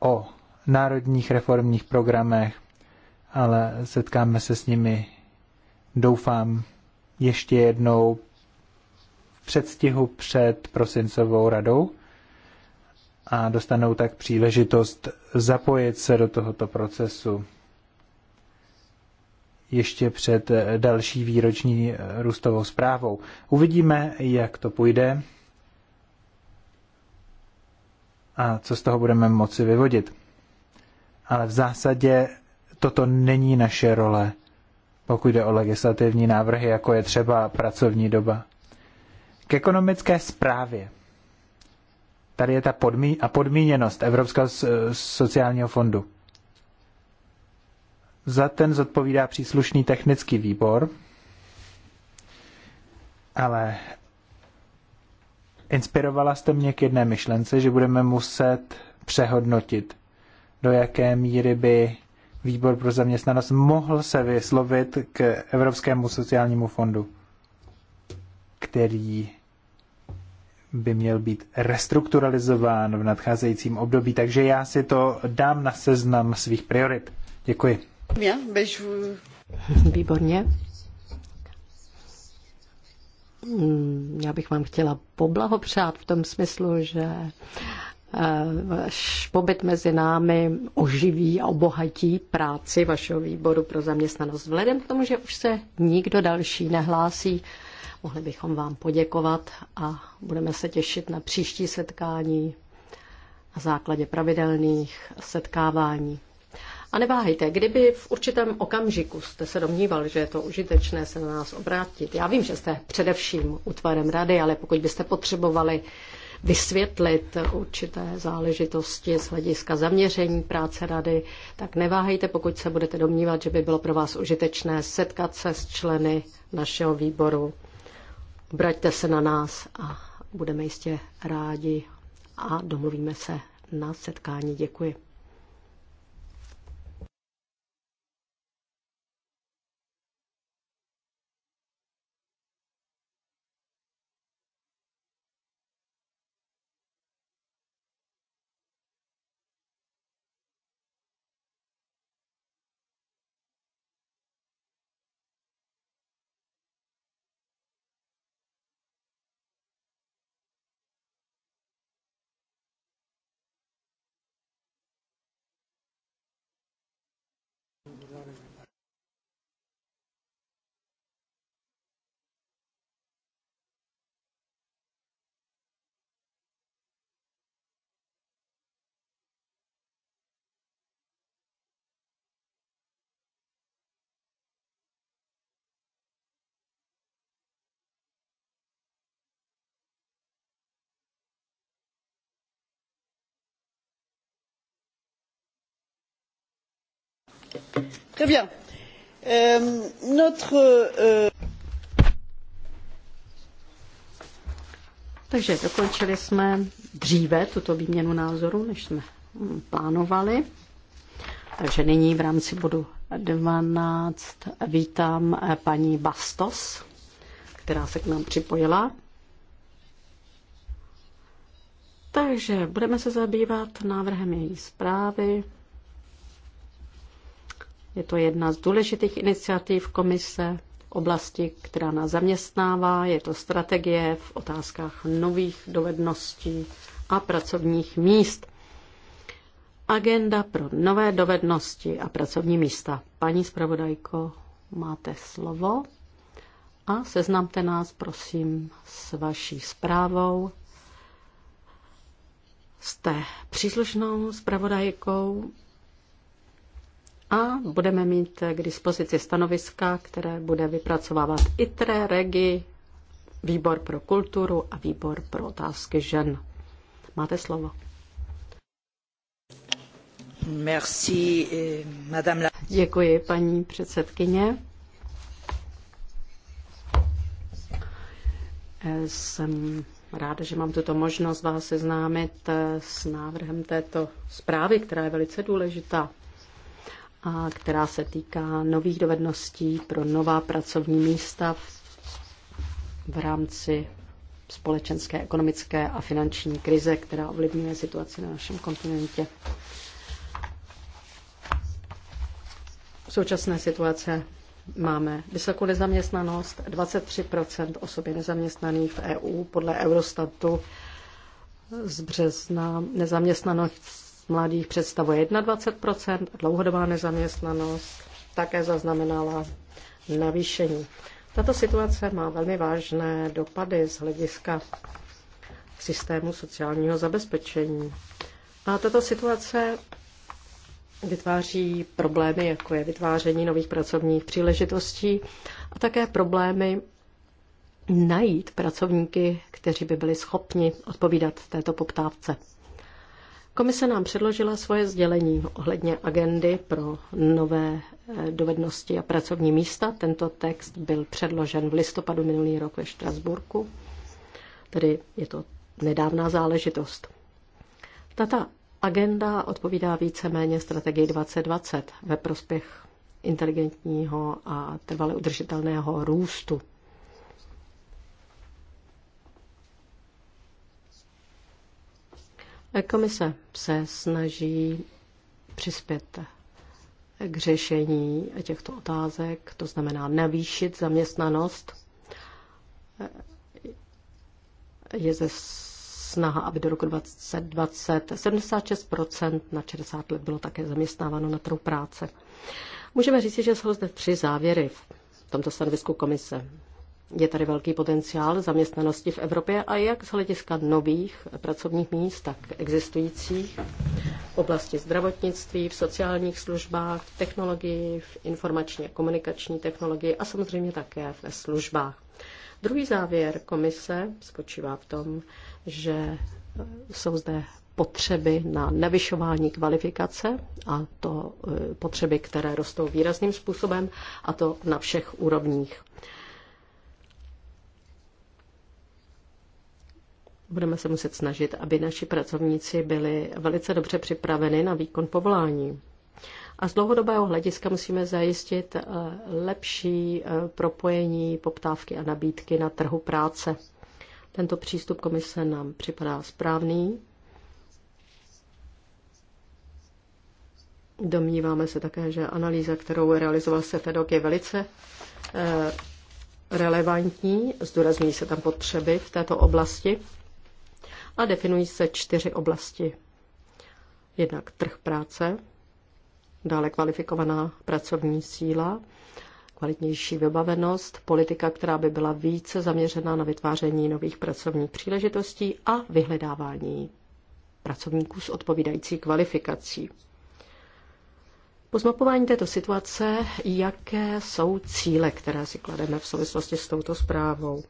o národních reformních programech, ale setkáme se s nimi, doufám, ještě jednou v předstihu před prosincovou radou a dostanou tak příležitost zapojit se do tohoto procesu ještě před další výroční růstovou zprávou. Uvidíme, jak to půjde a co z toho budeme moci vyvodit. Ale v zásadě toto není naše role, pokud jde o legislativní návrhy, jako je třeba pracovní doba. K ekonomické zprávě tady je ta podmí- a podmíněnost Evropského sociálního fondu. Za ten zodpovídá příslušný technický výbor, ale inspirovala jste mě k jedné myšlence, že budeme muset přehodnotit, do jaké míry by výbor pro zaměstnanost mohl se vyslovit k Evropskému sociálnímu fondu, který by měl být restrukturalizován v nadcházejícím období, takže já si to dám na seznam svých priorit. Děkuji. Výborně. Mm, já bych vám chtěla poblahopřát v tom smyslu, že eh, váš pobyt mezi námi oživí a obohatí práci vašeho výboru pro zaměstnanost. Vzhledem k tomu, že už se nikdo další nehlásí, Mohli bychom vám poděkovat a budeme se těšit na příští setkání na základě pravidelných setkávání. A neváhejte, kdyby v určitém okamžiku jste se domníval, že je to užitečné se na nás obrátit. Já vím, že jste především útvarem rady, ale pokud byste potřebovali vysvětlit určité záležitosti z hlediska zaměření práce rady, tak neváhejte, pokud se budete domnívat, že by bylo pro vás užitečné setkat se s členy našeho výboru. Braťte se na nás a budeme jistě rádi a domluvíme se na setkání. Děkuji. Très bien. Euh, notre, euh... Takže dokončili jsme dříve tuto výměnu názoru, než jsme plánovali. Takže nyní v rámci bodu 12 vítám paní Bastos, která se k nám připojila. Takže budeme se zabývat návrhem její zprávy je to jedna z důležitých iniciativ komise v oblasti, která nás zaměstnává. Je to strategie v otázkách nových dovedností a pracovních míst. Agenda pro nové dovednosti a pracovní místa. Paní zpravodajko, máte slovo a seznamte nás, prosím, s vaší zprávou. Jste příslušnou zpravodajkou a budeme mít k dispozici stanoviska, které bude vypracovávat ITRE, REGI, Výbor pro kulturu a Výbor pro otázky žen. Máte slovo. Merci, madame la... Děkuji, paní předsedkyně. Jsem ráda, že mám tuto možnost vás seznámit s návrhem této zprávy, která je velice důležitá a která se týká nových dovedností pro nová pracovní místa v rámci společenské, ekonomické a finanční krize, která ovlivňuje situaci na našem kontinentě. V současné situace máme vysokou nezaměstnanost, 23 osob je nezaměstnaných v EU podle Eurostatu z března nezaměstnanost mladých představuje 21%, dlouhodobá nezaměstnanost také zaznamenala navýšení. Tato situace má velmi vážné dopady z hlediska systému sociálního zabezpečení. A tato situace vytváří problémy, jako je vytváření nových pracovních příležitostí a také problémy najít pracovníky, kteří by byli schopni odpovídat této poptávce. Komise nám předložila svoje sdělení ohledně agendy pro nové eh, dovednosti a pracovní místa. Tento text byl předložen v listopadu minulý rok ve Štrasburku, tedy je to nedávná záležitost. Tata agenda odpovídá víceméně strategii 2020 ve prospěch inteligentního a trvale udržitelného růstu Komise se snaží přispět k řešení těchto otázek, to znamená navýšit zaměstnanost. Je ze snaha, aby do roku 2020 76 na 60 let bylo také zaměstnáváno na trhu práce. Můžeme říct, že jsou zde tři závěry v tomto stanovisku komise. Je tady velký potenciál zaměstnanosti v Evropě a jak z hlediska nových pracovních míst, tak existujících v oblasti zdravotnictví, v sociálních službách, v technologii, v informačně komunikační technologii a samozřejmě také ve službách. Druhý závěr komise spočívá v tom, že jsou zde potřeby na navyšování kvalifikace a to e, potřeby, které rostou výrazným způsobem a to na všech úrovních. budeme se muset snažit, aby naši pracovníci byli velice dobře připraveni na výkon povolání. A z dlouhodobého hlediska musíme zajistit eh, lepší eh, propojení poptávky a nabídky na trhu práce. Tento přístup komise nám připadá správný. Domníváme se také, že analýza, kterou realizoval SEFEDOK, je velice eh, relevantní. Zdůrazní se tam potřeby v této oblasti a definují se čtyři oblasti. Jednak trh práce, dále kvalifikovaná pracovní síla, kvalitnější vybavenost, politika, která by byla více zaměřená na vytváření nových pracovních příležitostí a vyhledávání pracovníků s odpovídající kvalifikací. Po zmapování této situace, jaké jsou cíle, které si klademe v souvislosti s touto zprávou?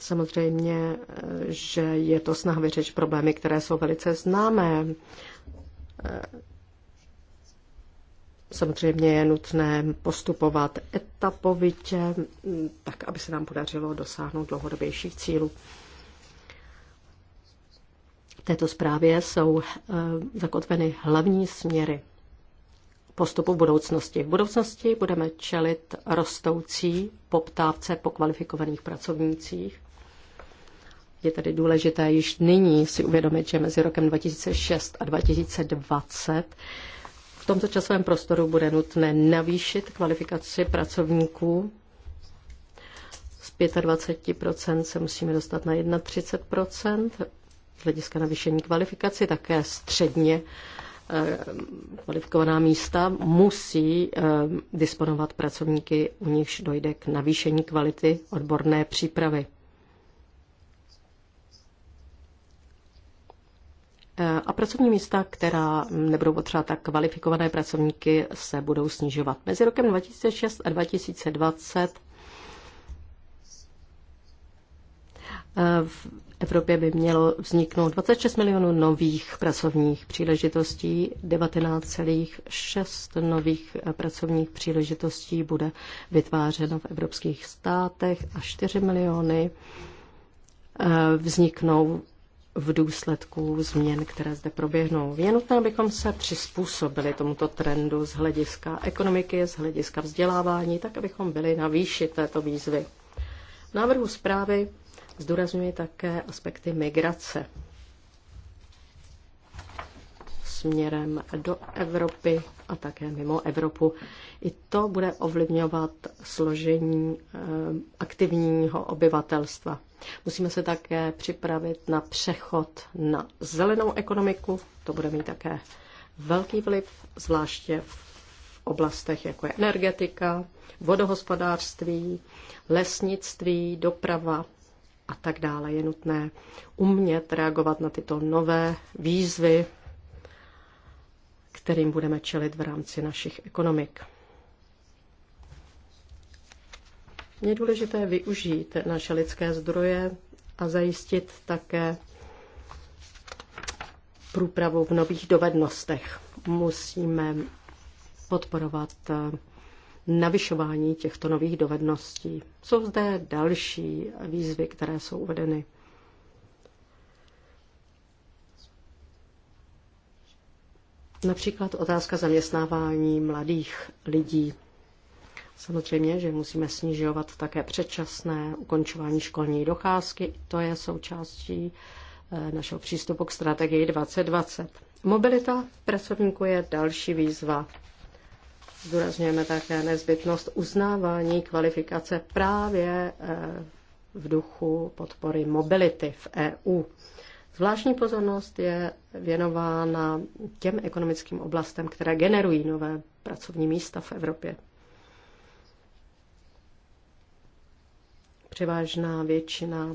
Samozřejmě, eh, že je to snaha vyřešit problémy, které jsou velice známé. Eh, samozřejmě je nutné postupovat etapovitě, mm, tak aby se nám podařilo dosáhnout dlouhodobějších cílů. V této zprávě jsou eh, zakotveny hlavní směry postupu v budoucnosti. V budoucnosti budeme čelit rostoucí poptávce po kvalifikovaných pracovnících. Je tedy důležité již nyní si uvědomit, že mezi rokem 2006 a 2020 v tomto časovém prostoru bude nutné navýšit kvalifikaci pracovníků. Z 25% se musíme dostat na 31% z hlediska navýšení kvalifikaci, také středně eh, kvalifikovaná místa musí eh, disponovat pracovníky, u nichž dojde k navýšení kvality odborné přípravy. a pracovní místa, která nebudou potřeba tak kvalifikované pracovníky, se budou snižovat. Mezi rokem 2006 a 2020 eh, v Evropě by mělo vzniknout 26 milionů nových pracovních příležitostí, 19,6 nových eh, pracovních příležitostí bude vytvářeno v evropských státech a 4 miliony eh, vzniknou v důsledku změn, které zde proběhnou. Je nutné, abychom se přizpůsobili tomuto trendu z hlediska ekonomiky, z hlediska vzdělávání, tak abychom byli na výši této výzvy. V návrhu zprávy zdůrazňuji také aspekty migrace směrem do Evropy a také mimo Evropu. I to bude ovlivňovat složení eh, aktivního obyvatelstva. Musíme se také připravit na přechod na zelenou ekonomiku. To bude mít také velký vliv, zvláště v oblastech, jako je energetika, vodohospodářství, lesnictví, doprava a tak dále. Je nutné umět reagovat na tyto nové výzvy, kterým budeme čelit v rámci našich ekonomik. Je důležité využít naše lidské zdroje a zajistit také průpravu v nových dovednostech. Musíme podporovat eh, navyšování těchto nových dovedností. Jsou zde další výzvy, které jsou uvedeny. Například otázka zaměstnávání mladých lidí. Samozřejmě, že musíme snižovat také předčasné ukončování školní docházky. To je součástí eh, našeho přístupu k strategii 2020. Mobilita pracovníků je další výzva. Zdůrazňujeme také nezbytnost uznávání kvalifikace právě eh, v duchu podpory mobility v EU. Zvláštní pozornost je věnována těm ekonomickým oblastem, které generují nové pracovní místa v Evropě. Převážná většina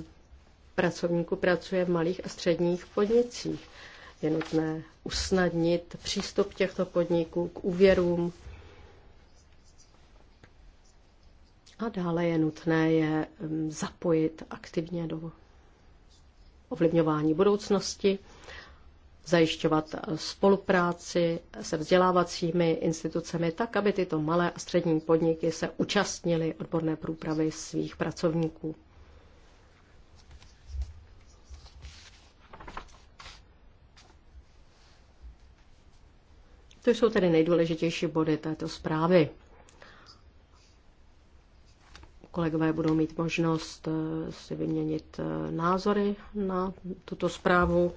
pracovníků pracuje v malých a středních podnicích. Je nutné usnadnit přístup těchto podniků k úvěrům. A dále je nutné je mm, zapojit aktivně do ovlivňování budoucnosti zajišťovat spolupráci se vzdělávacími institucemi tak, aby tyto malé a střední podniky se účastnily odborné průpravy svých pracovníků. To jsou tedy nejdůležitější body této zprávy. Kolegové budou mít možnost eh, si vyměnit eh, názory na tuto zprávu.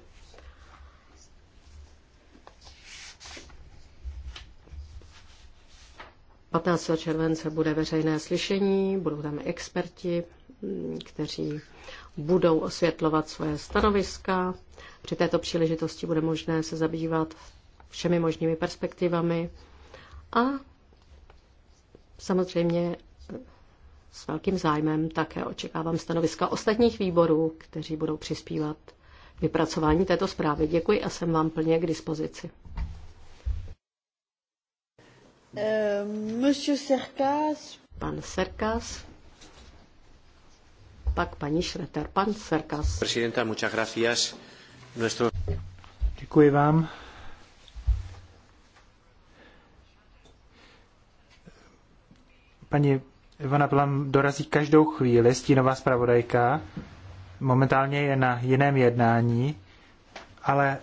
15. července bude veřejné slyšení, budou tam experti, mm, kteří budou osvětlovat svoje stanoviska. Při této příležitosti bude možné se zabývat všemi možnými perspektivami a samozřejmě eh, s velkým zájmem také očekávám stanoviska ostatních výborů, kteří budou přispívat vypracování této zprávy. Děkuji a jsem vám plně k dispozici. Eh, monsieur Serkas. Pan Serkas. Pak paní Šreter. Pan Serkas. Prezidenta, muchas gracias. Nuestro... Děkuji vám. Paní Ivana Plam dorazí každou chvíli, stínová zpravodajka. Momentálně je na jiném jednání, ale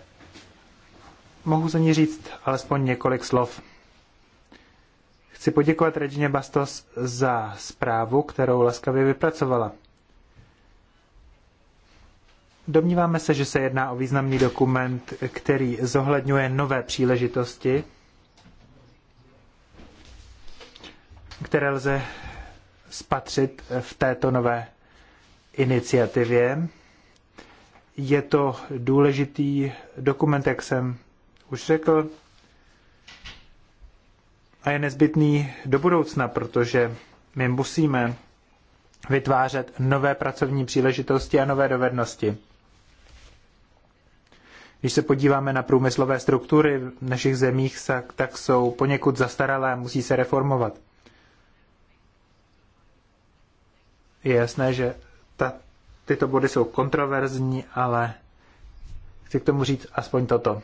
mohu za ní říct alespoň několik slov. Chci poděkovat Regině Bastos za zprávu, kterou laskavě vypracovala. Domníváme se, že se jedná o významný dokument, který zohledňuje nové příležitosti, které lze spatřit v této nové iniciativě. Je to důležitý dokument, jak jsem už řekl, a je nezbytný do budoucna, protože my musíme vytvářet nové pracovní příležitosti a nové dovednosti. Když se podíváme na průmyslové struktury v našich zemích, tak jsou poněkud zastaralé a musí se reformovat. Je jasné, že ta, tyto body jsou kontroverzní, ale chci k tomu říct aspoň toto.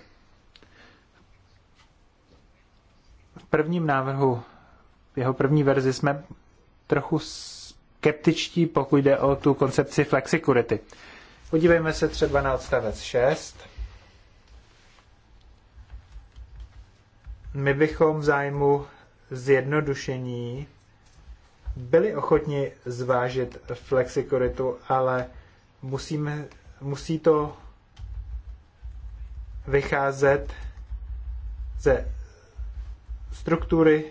prvním návrhu, v jeho první verzi, jsme trochu skeptičtí, pokud jde o tu koncepci flexicurity. Podívejme se třeba na odstavec 6. My bychom v zájmu zjednodušení byli ochotni zvážit flexikuritu, ale musíme, musí to vycházet ze struktury,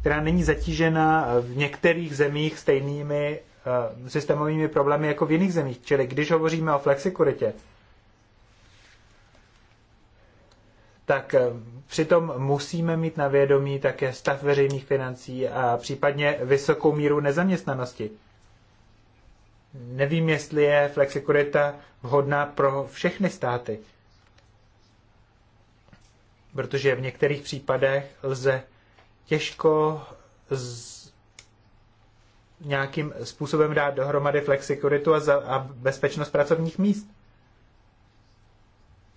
která není zatížena v některých zemích stejnými eh, systémovými problémy jako v jiných zemích. Čili když hovoříme o flexikuritě, tak eh, přitom musíme mít na vědomí také stav veřejných financí a případně vysokou míru nezaměstnanosti. Nevím, jestli je flexikurita vhodná pro všechny státy protože v některých případech lze těžko z, nějakým způsobem dát dohromady flexikuritu a, a bezpečnost pracovních míst.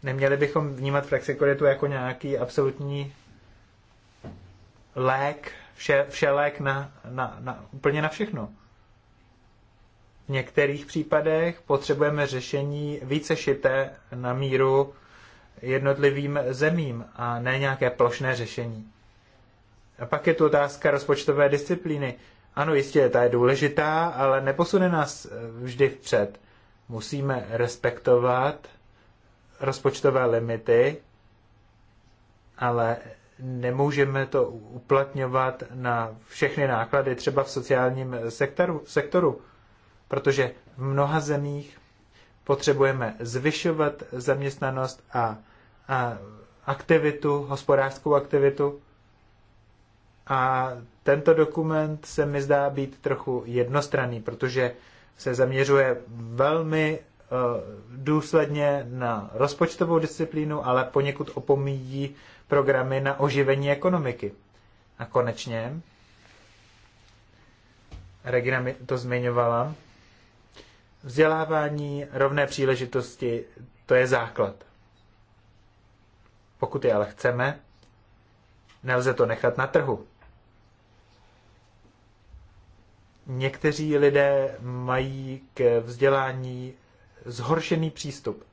Neměli bychom vnímat flexikuritu jako nějaký absolutní lék, vše, všelék na, na, na, úplně na všechno. V některých případech potřebujeme řešení více šité na míru jednotlivým zemím a ne nějaké plošné řešení. A pak je tu otázka rozpočtové disciplíny. Ano, jistě, ta je důležitá, ale neposune nás eh, vždy vpřed. Musíme respektovat rozpočtové limity, ale nemůžeme to uplatňovat na všechny náklady, třeba v sociálním eh, sektoru, sektoru protože v mnoha zemích potřebujeme zvyšovat zaměstnanost a aktivitu, hospodářskou aktivitu. A tento dokument se mi zdá být trochu jednostranný, protože se zaměřuje velmi eh, důsledně na rozpočtovou disciplínu, ale poněkud opomíjí programy na oživení ekonomiky. A konečně, Regina mi to zmiňovala, vzdělávání, rovné příležitosti, to je základ. Pokud je ale chceme, nelze to nechat na trhu. Někteří lidé mají k vzdělání zhoršený přístup.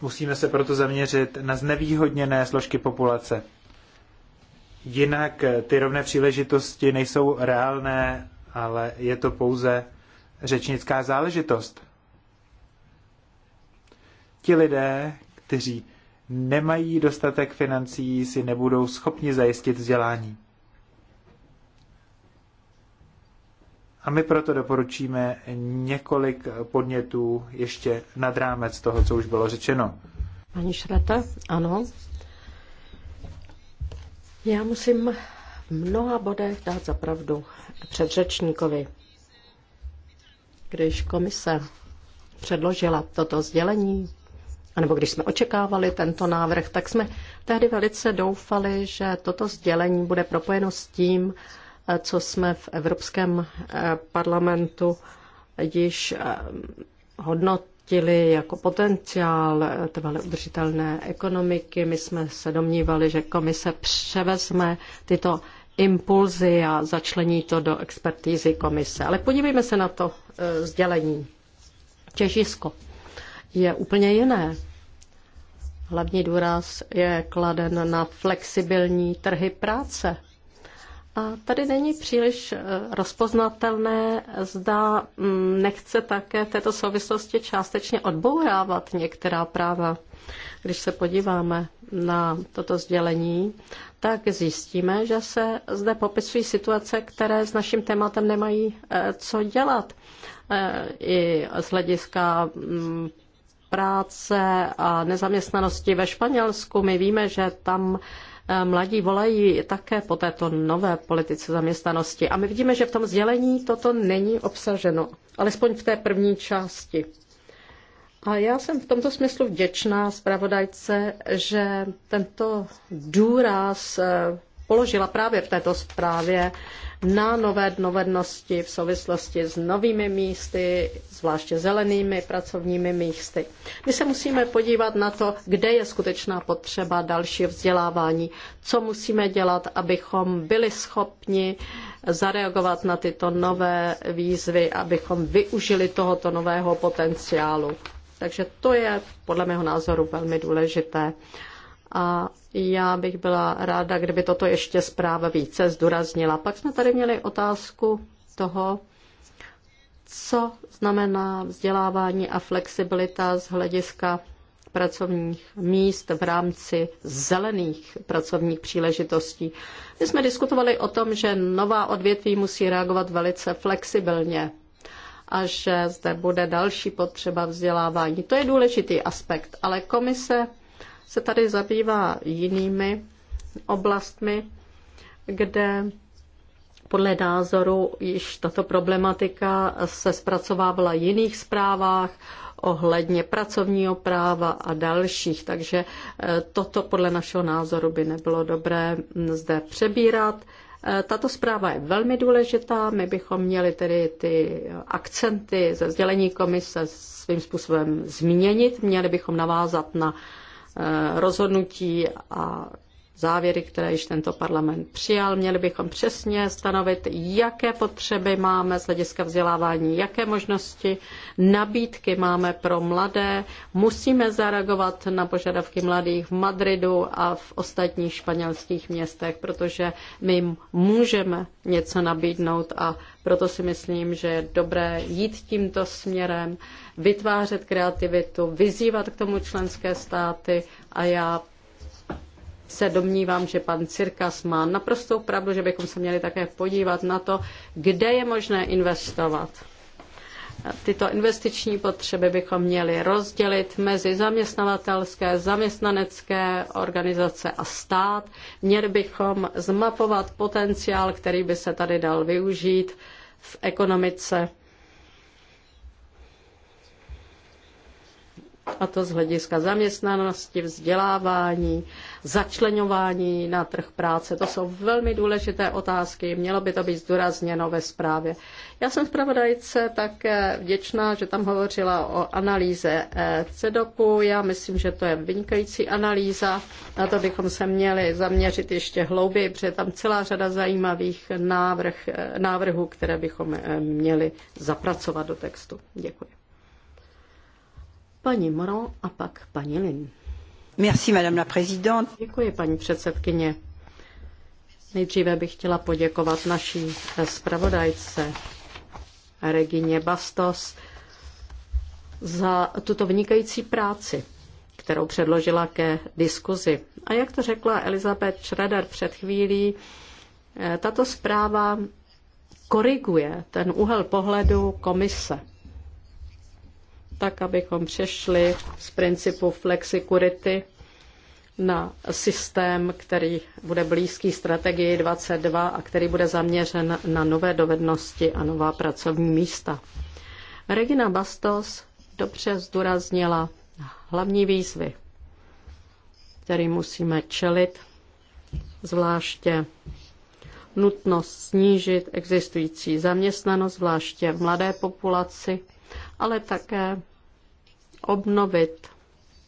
Musíme se proto zaměřit na znevýhodněné složky populace. Jinak ty rovné příležitosti nejsou reálné, ale je to pouze řečnická záležitost. Ti lidé, kteří nemají dostatek financí, si nebudou schopni zajistit vzdělání. A my proto doporučíme několik podnětů ještě nad rámec toho, co už bylo řečeno. Pani Šrete, ano. Já musím v mnoha bodech dát za pravdu předřečníkovi. Když komise předložila toto sdělení, anebo když jsme očekávali tento návrh, tak jsme tehdy velice doufali, že toto sdělení bude propojeno s tím, eh, co jsme v Evropském eh, parlamentu již eh, hodnotili jako potenciál trvalé udržitelné ekonomiky. My jsme se domnívali, že komise převezme tyto impulzy a začlení to do expertízy komise. Ale podívejme se na to sdělení. Těžisko je úplně jiné. Hlavní důraz je kladen na flexibilní trhy práce. A tady není příliš eh, rozpoznatelné, zda mm, nechce také v této souvislosti částečně odbourávat některá práva. Když se podíváme na toto sdělení, tak zjistíme, že se zde popisují situace, které s naším tématem nemají eh, co dělat. Eh, I z hlediska mm, práce a nezaměstnanosti ve Španělsku. My víme, že tam eh, mladí volají také po této nové politice zaměstnanosti. A my vidíme, že v tom sdělení toto není obsaženo, alespoň v té první části. A já jsem v tomto smyslu vděčná zpravodajce, že tento důraz eh, položila právě v této zprávě na nové dovednosti v souvislosti s novými místy, zvláště zelenými pracovními místy. My se musíme podívat na to, kde je skutečná potřeba dalšího vzdělávání, co musíme dělat, abychom byli schopni zareagovat na tyto nové výzvy, abychom využili tohoto nového potenciálu. Takže to je podle mého názoru velmi důležité a já bych byla ráda, kdyby toto ještě zpráva více zdůraznila. Pak jsme tady měli otázku toho, co znamená vzdělávání a flexibilita z hlediska pracovních míst v rámci zelených pracovních příležitostí. My jsme diskutovali o tom, že nová odvětví musí reagovat velice flexibilně a že zde bude další potřeba vzdělávání. To je důležitý aspekt, ale komise se tady zabývá jinými oblastmi, kde podle názoru již tato problematika se zpracovávala v jiných zprávách ohledně pracovního práva a dalších. Takže e, toto podle našeho názoru by nebylo dobré zde přebírat. E, tato zpráva je velmi důležitá. My bychom měli tedy ty akcenty ze sdělení komise svým způsobem změnit. Měli bychom navázat na Eh, rozhodnutí a závěry, které již tento parlament přijal. Měli bychom přesně stanovit, jaké potřeby máme z hlediska vzdělávání, jaké možnosti, nabídky máme pro mladé. Musíme zareagovat na požadavky mladých v Madridu a v ostatních španělských městech, protože my můžeme něco nabídnout a proto si myslím, že je dobré jít tímto směrem, vytvářet kreativitu, vyzývat k tomu členské státy a já se domnívám, že pan Cirkas má naprostou pravdu, že bychom se měli také podívat na to, kde je možné investovat. Tyto investiční potřeby bychom měli rozdělit mezi zaměstnavatelské, zaměstnanecké organizace a stát. Měli bychom zmapovat potenciál, který by se tady dal využít v ekonomice a to z hlediska zaměstnanosti, vzdělávání, začlenování na trh práce. To jsou velmi důležité otázky, mělo by to být zdůrazněno ve zprávě. Já jsem zpravodajce také vděčná, že tam hovořila o analýze CEDOPu. Já myslím, že to je vynikající analýza. Na to bychom se měli zaměřit ještě hlouběji, protože je tam celá řada zajímavých návrh, návrhů, které bychom měli zapracovat do textu. Děkuji. Paní Moron a pak paní Lin. Merci, madame la présidente. Děkuji, paní předsedkyně. Nejdříve bych chtěla poděkovat naší zpravodajce Regině Bastos za tuto vynikající práci, kterou předložila ke diskuzi. A jak to řekla Elizabeth Schroeder před chvílí, eh, tato zpráva koriguje ten úhel pohledu komise tak abychom přešli z principu flexikurity na systém, který bude blízký strategii 22 a který bude zaměřen na nové dovednosti a nová pracovní místa. Regina Bastos dobře zdůraznila hlavní výzvy, které musíme čelit, zvláště nutnost snížit existující zaměstnanost, zvláště v mladé populaci, ale také obnovit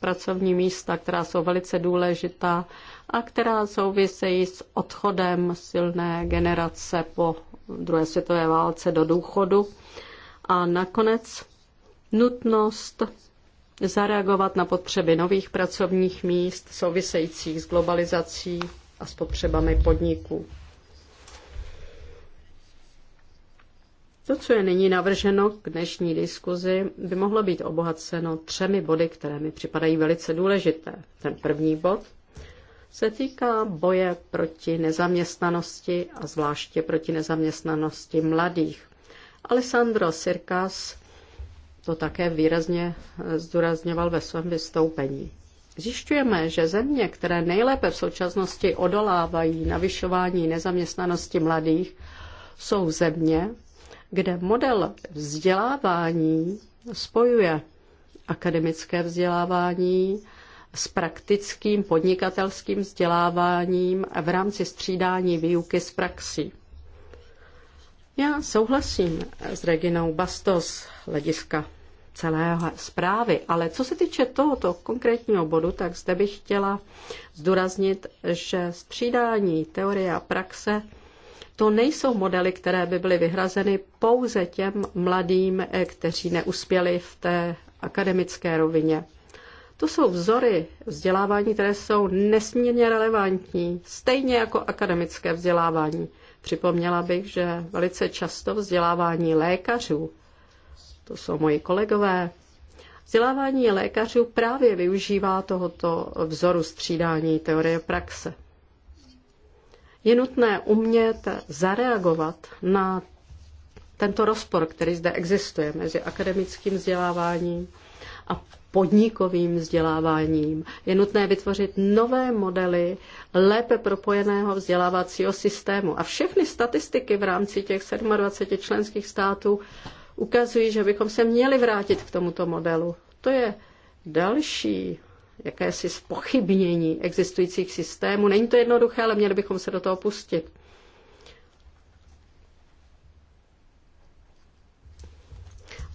pracovní místa, která jsou velice důležitá a která souvisejí s odchodem silné generace po druhé světové válce do důchodu. A nakonec nutnost zareagovat na potřeby nových pracovních míst souvisejících s globalizací a s potřebami podniků. To, co je nyní navrženo k dnešní diskuzi, by mohlo být obohaceno třemi body, které mi připadají velice důležité. Ten první bod se týká boje proti nezaměstnanosti a zvláště proti nezaměstnanosti mladých. Alessandro Sirkas to také výrazně zdůrazňoval ve svém vystoupení. Zjišťujeme, že země, které nejlépe v současnosti odolávají navyšování nezaměstnanosti mladých, jsou země, kde model vzdělávání spojuje akademické vzdělávání s praktickým podnikatelským vzděláváním v rámci střídání výuky s praxí. Já souhlasím s Reginou Bastos hlediska celého zprávy, ale co se týče tohoto konkrétního bodu, tak zde bych chtěla zdůraznit, že střídání teorie a praxe to nejsou modely, které by byly vyhrazeny pouze těm mladým, eh, kteří neuspěli v té akademické rovině. To jsou vzory vzdělávání, které jsou nesmírně relevantní, stejně jako akademické vzdělávání. Připomněla bych, že velice často vzdělávání lékařů, to jsou moji kolegové, vzdělávání lékařů právě využívá tohoto vzoru střídání teorie praxe. Je nutné umět zareagovat na tento rozpor, který zde existuje mezi akademickým vzděláváním a podnikovým vzděláváním. Je nutné vytvořit nové modely lépe propojeného vzdělávacího systému. A všechny statistiky v rámci těch 27 členských států ukazují, že bychom se měli vrátit k tomuto modelu. To je další jakési spochybnění existujících systémů. Není to jednoduché, ale měli bychom se do toho pustit.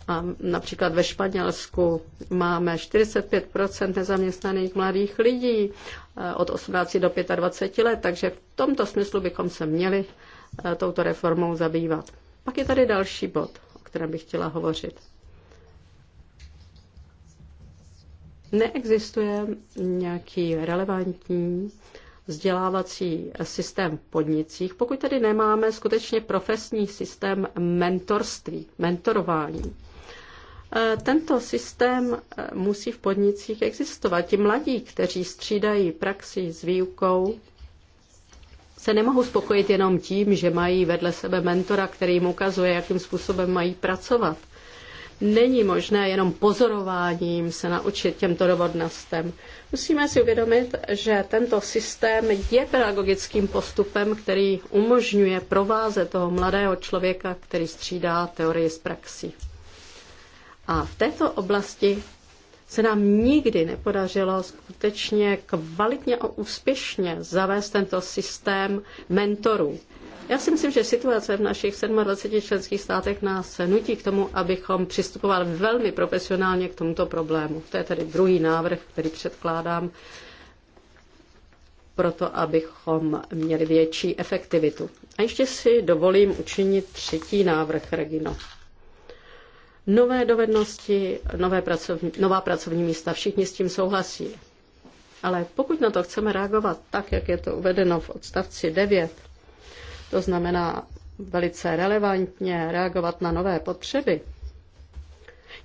A například ve Španělsku máme 45 nezaměstnaných mladých lidí eh, od 18 do 25 let, takže v tomto smyslu bychom se měli eh, touto reformou zabývat. Pak je tady další bod, o kterém bych chtěla hovořit. Neexistuje nějaký relevantní vzdělávací systém v podnicích, pokud tady nemáme skutečně profesní systém mentorství, mentorování. E, tento systém e, musí v podnicích existovat. Ti mladí, kteří střídají praxi s výukou, se nemohou spokojit jenom tím, že mají vedle sebe mentora, který jim ukazuje, jakým způsobem mají pracovat – není možné jenom pozorováním se naučit těmto dovednostem. Musíme si uvědomit, že tento systém je pedagogickým postupem, který umožňuje prováze toho mladého člověka, který střídá teorii s praxí. A v této oblasti se nám nikdy nepodařilo skutečně kvalitně a úspěšně zavést tento systém mentorů. Já si myslím, že situace v našich 27 členských státech nás nutí k tomu, abychom přistupovali velmi profesionálně k tomuto problému. To je tedy druhý návrh, který předkládám proto, abychom měli větší efektivitu. A ještě si dovolím učinit třetí návrh, Regino. Nové dovednosti, nové pracovní, nová pracovní místa, všichni s tím souhlasí. Ale pokud na to chceme reagovat tak, jak je to uvedeno v odstavci 9, to znamená velice relevantně reagovat na nové potřeby.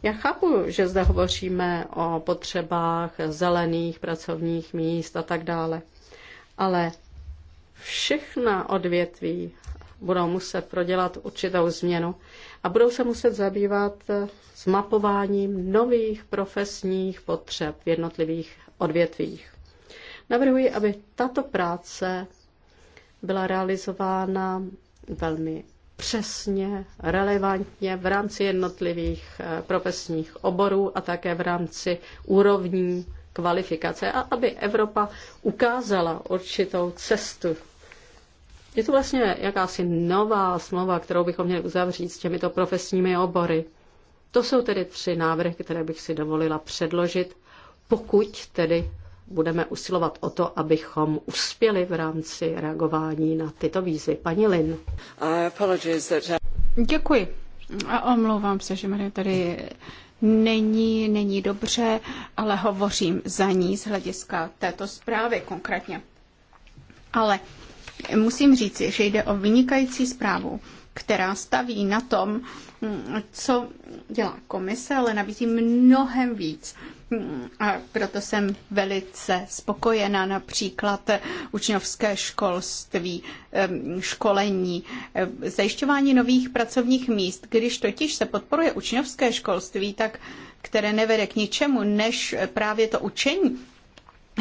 Já chápu, že zde hovoříme o potřebách zelených pracovních míst a tak dále, ale všechna odvětví budou muset prodělat určitou změnu a budou se muset zabývat mapováním nových profesních potřeb v jednotlivých odvětvích. Navrhuji, aby tato práce byla realizována velmi přesně, relevantně v rámci jednotlivých eh, profesních oborů a také v rámci úrovní kvalifikace a aby Evropa ukázala určitou cestu. Je to vlastně jakási nová smlouva, kterou bychom měli uzavřít s těmito profesními obory. To jsou tedy tři návrhy, které bych si dovolila předložit, pokud tedy budeme usilovat o to, abychom uspěli v rámci reagování na tyto výzvy. Paní Lin. Uh, Děkuji. A omlouvám se, že Maria tady není, není dobře, ale hovořím za ní z hlediska této zprávy konkrétně. Ale musím říci, že jde o vynikající zprávu která staví na tom, mm, co dělá komise, ale nabízí mnohem víc. Mm, a proto jsem velice spokojená například učňovské školství, školení, zajišťování nových pracovních míst. Když totiž se podporuje učňovské školství, tak které nevede k ničemu, než právě to učení,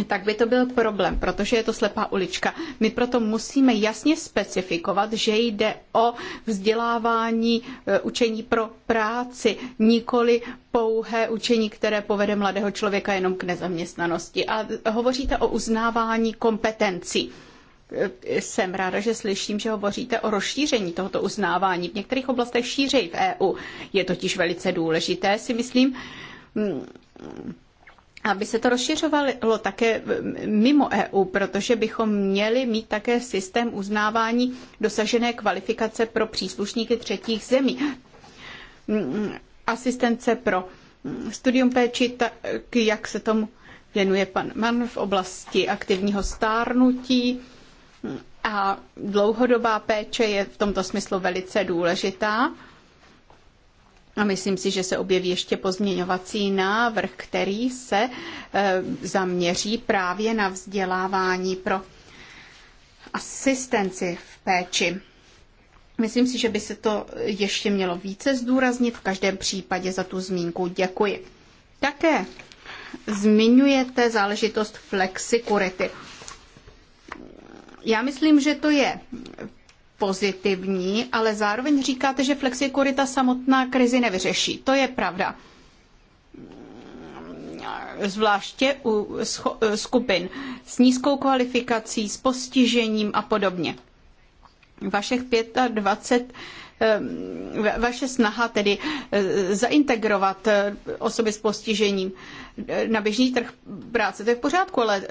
tak by to byl problém, protože je to slepá ulička. My proto musíme jasně specifikovat, že jde o vzdělávání e, učení pro práci, nikoli pouhé učení, které povede mladého člověka jenom k nezaměstnanosti. A hovoříte o uznávání kompetencí e, jsem ráda, že slyším, že hovoříte o rozšíření tohoto uznávání v některých oblastech šířej v EU. Je totiž velice důležité, si myslím, mm, aby se to rozšiřovalo také mimo EU, protože bychom měli mít také systém uznávání dosažené kvalifikace pro příslušníky třetích zemí. Asistence pro studium péči, tak jak se tomu věnuje pan Mann v oblasti aktivního stárnutí a dlouhodobá péče je v tomto smyslu velice důležitá a myslím si, že se objeví ještě pozměňovací návrh, který se eh, zaměří právě na vzdělávání pro asistenci v péči. Myslím si, že by se to ještě mělo více zdůraznit. V každém případě za tu zmínku děkuji. Také zmiňujete záležitost flexikurity. Já myslím, že to je pozitivní, ale zároveň říkáte, že flexikurita samotná krizi nevyřeší. To je pravda. Zvláště u skupin s nízkou kvalifikací, s postižením a podobně. Vašich 25 Ehm, vaše snaha tedy e, zaintegrovat e, osoby s postižením e, na běžný trh práce, to je v pořádku, ale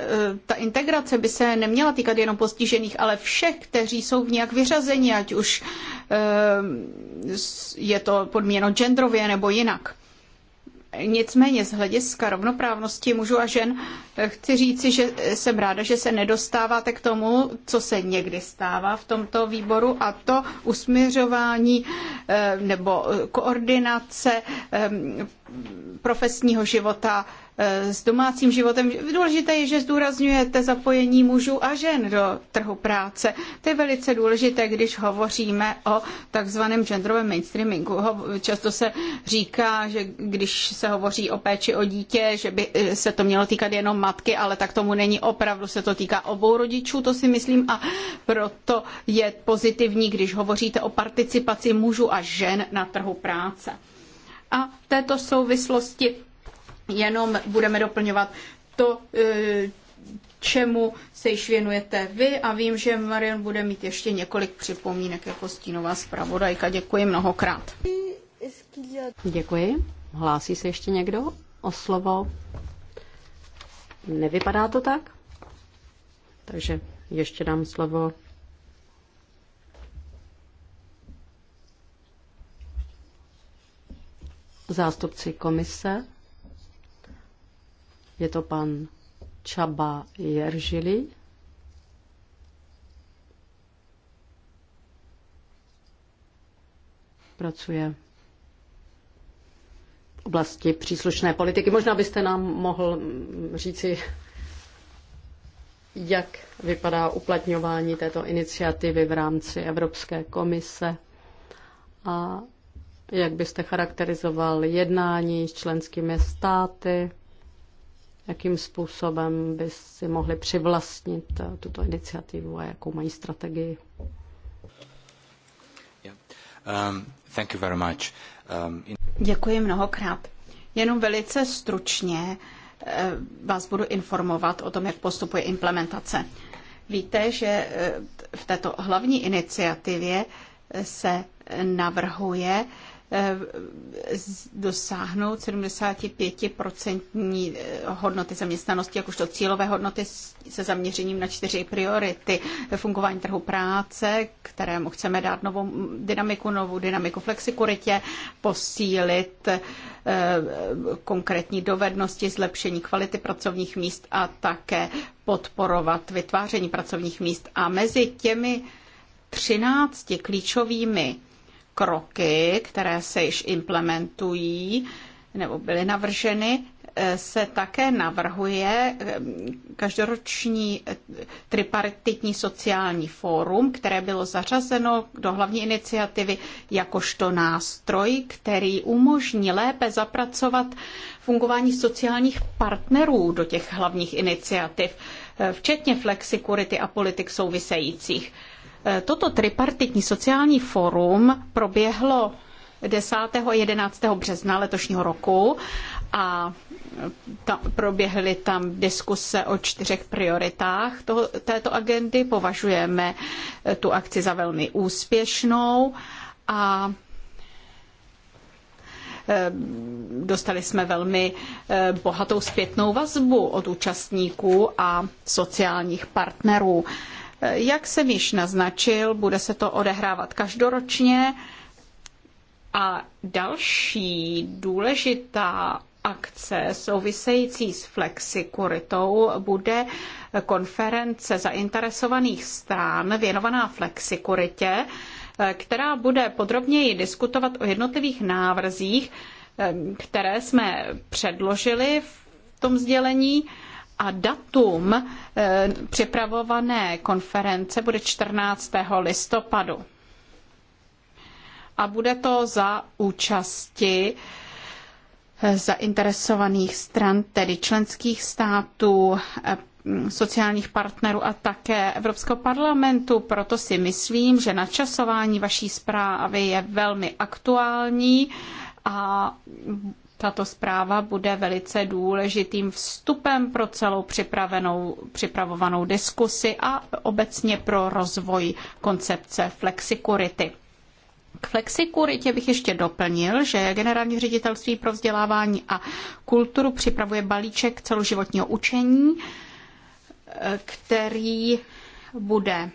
ta integrace by se neměla týkat jenom postižených, ale všech, kteří jsou v nějak vyřazeni, ať už ehm, je to podmíněno genderově nebo jinak. Nicméně z hlediska rovnoprávnosti mužů a žen eh, chci říci, že jsem ráda, že se nedostáváte k tomu, co se někdy stává v tomto výboru a to usměřování eh, nebo eh, koordinace profesního života s domácím životem. Důležité je, že zdůrazňujete zapojení mužů a žen do trhu práce. To je velice důležité, když hovoříme o takzvaném genderovém mainstreamingu. Často se říká, že když se hovoří o péči o dítě, že by eh, se to mělo týkat jenom matky, ale tak tomu není opravdu, se to týká obou rodičů, to si myslím, a proto je pozitivní, když hovoříte o participaci mužů a žen na trhu práce. A v této souvislosti jenom budeme doplňovat to, e, čemu se již věnujete vy a vím, že Marian bude mít ještě několik připomínek jako stínová zpravodajka. Děkuji mnohokrát. Děkuji. Hlásí se ještě někdo o slovo? Nevypadá to tak? Takže ještě dám slovo zástupci komise. Je to pan Čaba Jeržili. Pracuje v oblasti příslušné politiky. Možná byste nám mohl říci, jak vypadá uplatňování této iniciativy v rámci Evropské komise a jak byste charakterizoval jednání s členskými státy jakým způsobem by si mohli přivlastnit eh, tuto iniciativu a jakou mají strategii. Um, um, Děkuji mnohokrát. Jenom velice stručně eh, vás budu informovat o tom, jak postupuje implementace. Víte, že eh, v této hlavní iniciativě se navrhuje Eh, dosáhnout 75% eh, hodnoty zaměstnanosti, to cílové hodnoty se zaměřením na čtyři priority. Fungování trhu práce, kterému chceme dát novou dynamiku, novou dynamiku flexikuritě, posílit eh, konkrétní dovednosti, zlepšení kvality pracovních míst a také podporovat vytváření pracovních míst. A mezi těmi 13 klíčovými kroky, které se již implementují nebo byly navrženy, eh, se také navrhuje eh, každoroční eh, tripartitní sociální fórum, které bylo zařazeno do hlavní iniciativy jakožto nástroj, který umožní lépe zapracovat fungování sociálních partnerů do těch hlavních iniciativ, včetně flexikurity a politik souvisejících. Eh, toto tripartitní sociální fórum proběhlo 10. a 11. března letošního roku a eh, proběhly tam diskuse o čtyřech prioritách toho, této agendy. Považujeme eh, tu akci za velmi úspěšnou a dostali jsme velmi bohatou zpětnou vazbu od účastníků a sociálních partnerů. Jak jsem již naznačil, bude se to odehrávat každoročně a další důležitá akce související s flexikuritou bude konference zainteresovaných stran věnovaná flexikuritě, která bude podrobněji diskutovat o jednotlivých návrzích, eh, které jsme předložili v tom sdělení a datum eh, připravované konference bude 14. listopadu. A bude to za účasti eh, zainteresovaných stran, tedy členských států, eh, sociálních partnerů a také Evropského parlamentu. Proto si myslím, že načasování vaší zprávy je velmi aktuální a tato zpráva bude velice důležitým vstupem pro celou připravenou, připravovanou diskusi a obecně pro rozvoj koncepce flexikurity. K flexikuritě bych ještě doplnil, že Generální ředitelství pro vzdělávání a kulturu připravuje balíček celoživotního učení, eh, který bude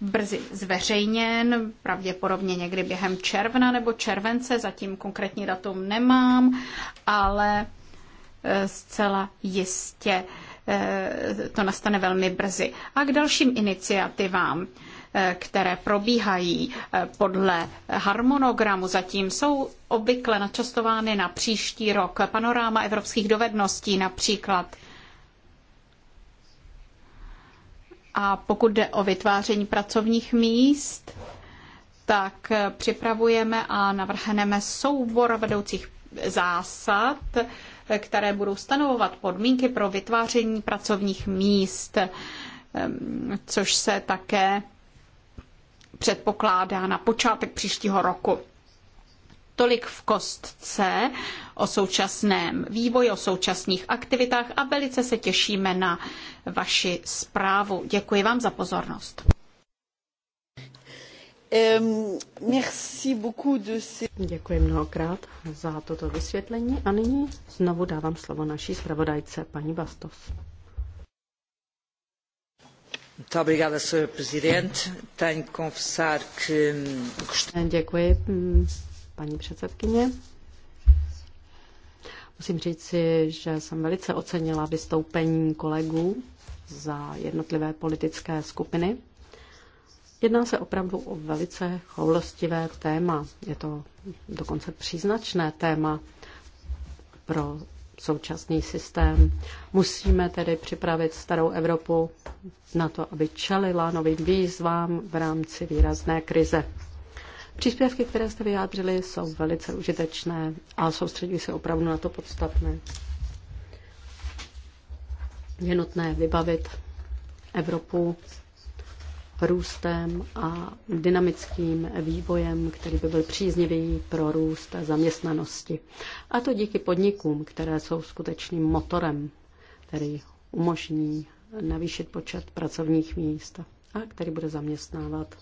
brzy zveřejněn, pravděpodobně někdy během června nebo července, zatím konkrétní datum nemám, ale e, zcela jistě e, to nastane velmi brzy. A k dalším iniciativám e, které probíhají podle harmonogramu. Zatím jsou obvykle načastovány na příští rok. Panoráma evropských dovedností například A pokud jde o vytváření pracovních míst, tak připravujeme a navrhneme soubor vedoucích zásad, které budou stanovovat podmínky pro vytváření pracovních míst, což se také předpokládá na počátek příštího roku tolik v kostce o současném vývoji, o současných aktivitách a velice se těšíme na vaši zprávu. Děkuji vám za pozornost. Děkuji mnohokrát za toto vysvětlení a nyní znovu dávám slovo naší zpravodajce, paní Bastos. Děkuji, paní předsedkyně. Musím říci, že jsem velice ocenila vystoupení kolegů za jednotlivé politické skupiny. Jedná se opravdu o velice choulostivé téma. Je to dokonce příznačné téma pro současný systém. Musíme tedy připravit starou Evropu na to, aby čelila novým výzvám v rámci výrazné krize. Příspěvky, které jste vyjádřili, jsou velice užitečné a soustředí se opravdu na to podstatné. Je nutné vybavit Evropu růstem a dynamickým vývojem, který by byl příznivý pro růst a zaměstnanosti. A to díky podnikům, které jsou skutečným motorem, který umožní navýšit počet pracovních míst a který bude zaměstnávat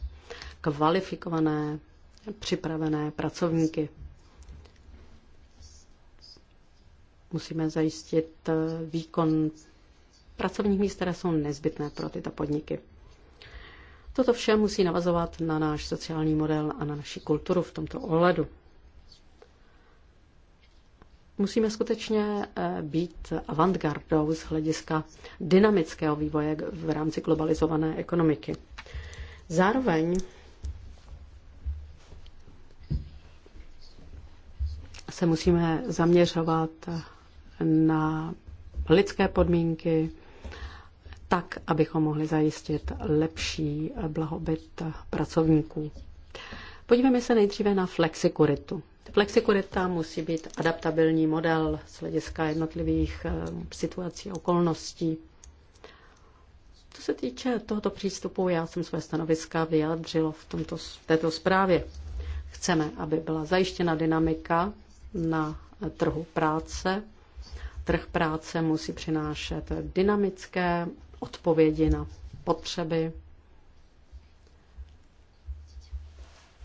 kvalifikované připravené pracovníky. Musíme zajistit eh, výkon pracovních míst, které jsou nezbytné pro tyto podniky. Toto vše musí navazovat na náš sociální model a na naši kulturu v tomto ohledu. Musíme skutečně eh, být avantgardou z hlediska dynamického vývoje v rámci globalizované ekonomiky. Zároveň se musíme zaměřovat na lidské podmínky, tak, abychom mohli zajistit lepší blahobyt pracovníků. Podívejme se nejdříve na flexikuritu. Flexikurita musí být adaptabilní model z hlediska jednotlivých eh, situací a okolností. Co se týče tohoto přístupu, já jsem své stanoviska vyjádřil v, tomto, této zprávě. Chceme, aby byla zajištěna dynamika na trhu práce. Trh práce musí přinášet dynamické odpovědi na potřeby.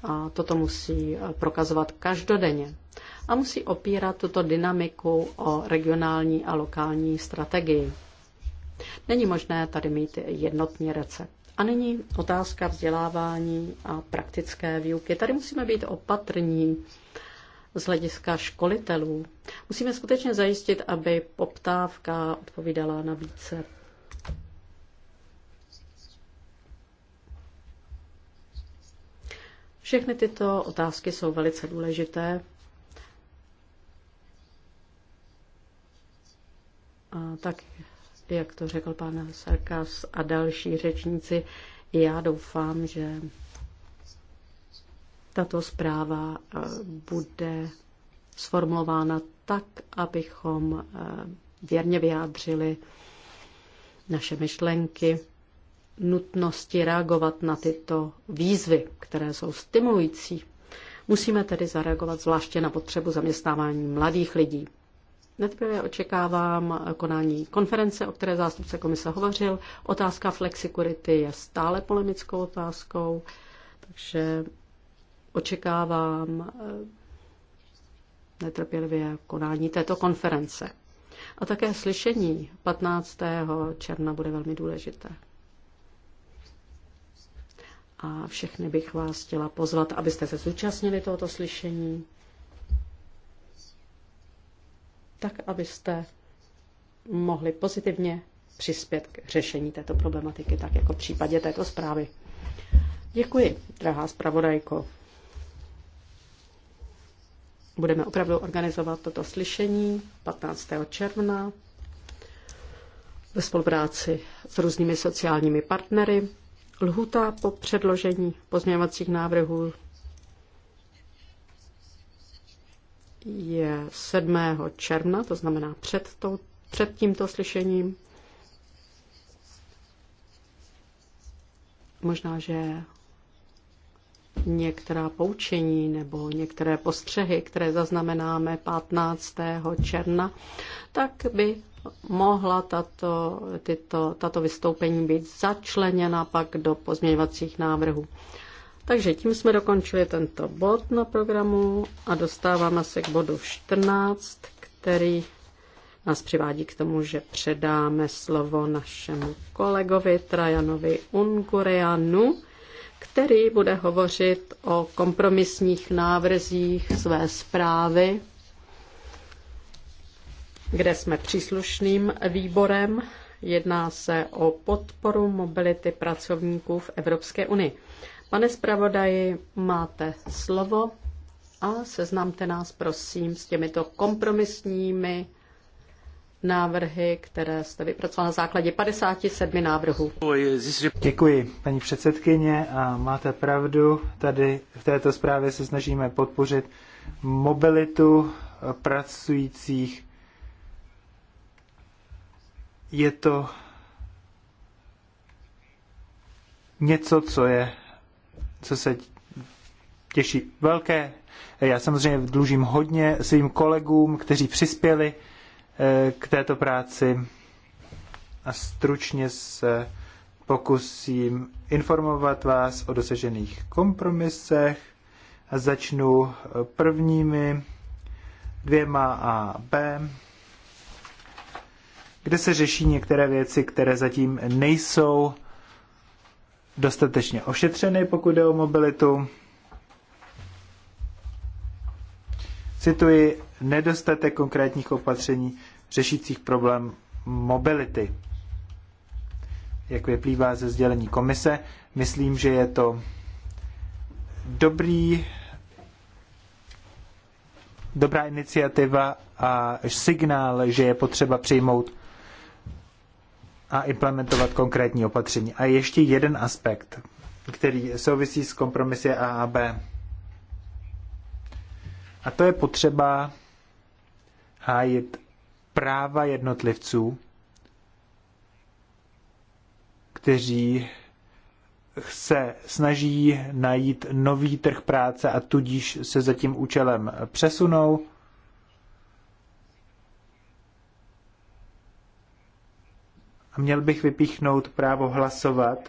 A toto musí prokazovat každodenně. A musí opírat tuto dynamiku o regionální a lokální strategii. Není možné tady mít jednotný recept. A nyní otázka vzdělávání a praktické výuky. Tady musíme být opatrní z hlediska školitelů. Musíme skutečně zajistit, aby poptávka odpovídala na více. Všechny tyto otázky jsou velice důležité. A tak, jak to řekl pan Sarkas a další řečníci, já doufám, že tato zpráva eh, bude sformulována tak, abychom eh, věrně vyjádřili naše myšlenky, nutnosti reagovat na tyto výzvy, které jsou stimulující. Musíme tedy zareagovat zvláště na potřebu zaměstnávání mladých lidí. Neprve očekávám konání konference, o které zástupce komise hovořil. Otázka flexikurity je stále polemickou otázkou, takže Očekávám eh, netrpělivě konání této konference. A také slyšení 15. června bude velmi důležité. A všechny bych vás chtěla pozvat, abyste se zúčastnili tohoto slyšení, tak abyste mohli pozitivně přispět k řešení této problematiky, tak jako v případě této zprávy. Děkuji, drahá zpravodajko. Budeme opravdu organizovat toto slyšení 15. června ve spolupráci s různými sociálními partnery. Lhuta po předložení pozměňovacích návrhů je 7. června, to znamená před, to, před tímto slyšením. Možná, že některá poučení nebo některé postřehy, které zaznamenáme 15. června, tak by mohla tato, tyto, tato vystoupení být začleněna pak do pozměňovacích návrhů. Takže tím jsme dokončili tento bod na programu a dostáváme se k bodu 14, který nás přivádí k tomu, že předáme slovo našemu kolegovi Trajanovi Ungureanu, který bude hovořit o kompromisních návrzích své zprávy, kde jsme příslušným výborem. Jedná se o podporu mobility pracovníků v Evropské unii. Pane zpravodaji, máte slovo a seznamte nás prosím s těmito kompromisními návrhy, které jste vypracoval na základě 57 návrhů. Děkuji, paní předsedkyně, a máte pravdu. Tady v této zprávě se snažíme podpořit mobilitu pracujících. Je to něco, co je, co se těší velké. Já samozřejmě dlužím hodně svým kolegům, kteří přispěli Eh, k této práci a stručně se pokusím informovat vás o dosažených kompromisech a začnu eh, prvními dvěma A B, kde se řeší některé věci, které zatím nejsou dostatečně ošetřeny, pokud jde o mobilitu. Cituji nedostatek konkrétních opatření řešících problém mobility. Jak vyplývá ze sdělení komise, myslím, že je to dobrý, dobrá iniciativa a signál, že je potřeba přijmout a implementovat konkrétní opatření. A ještě jeden aspekt, který souvisí s kompromisy A a B. A to je potřeba hájit práva jednotlivců, kteří se snaží najít nový trh práce a tudíž se za tím účelem přesunou. A měl bych vypíchnout právo hlasovat,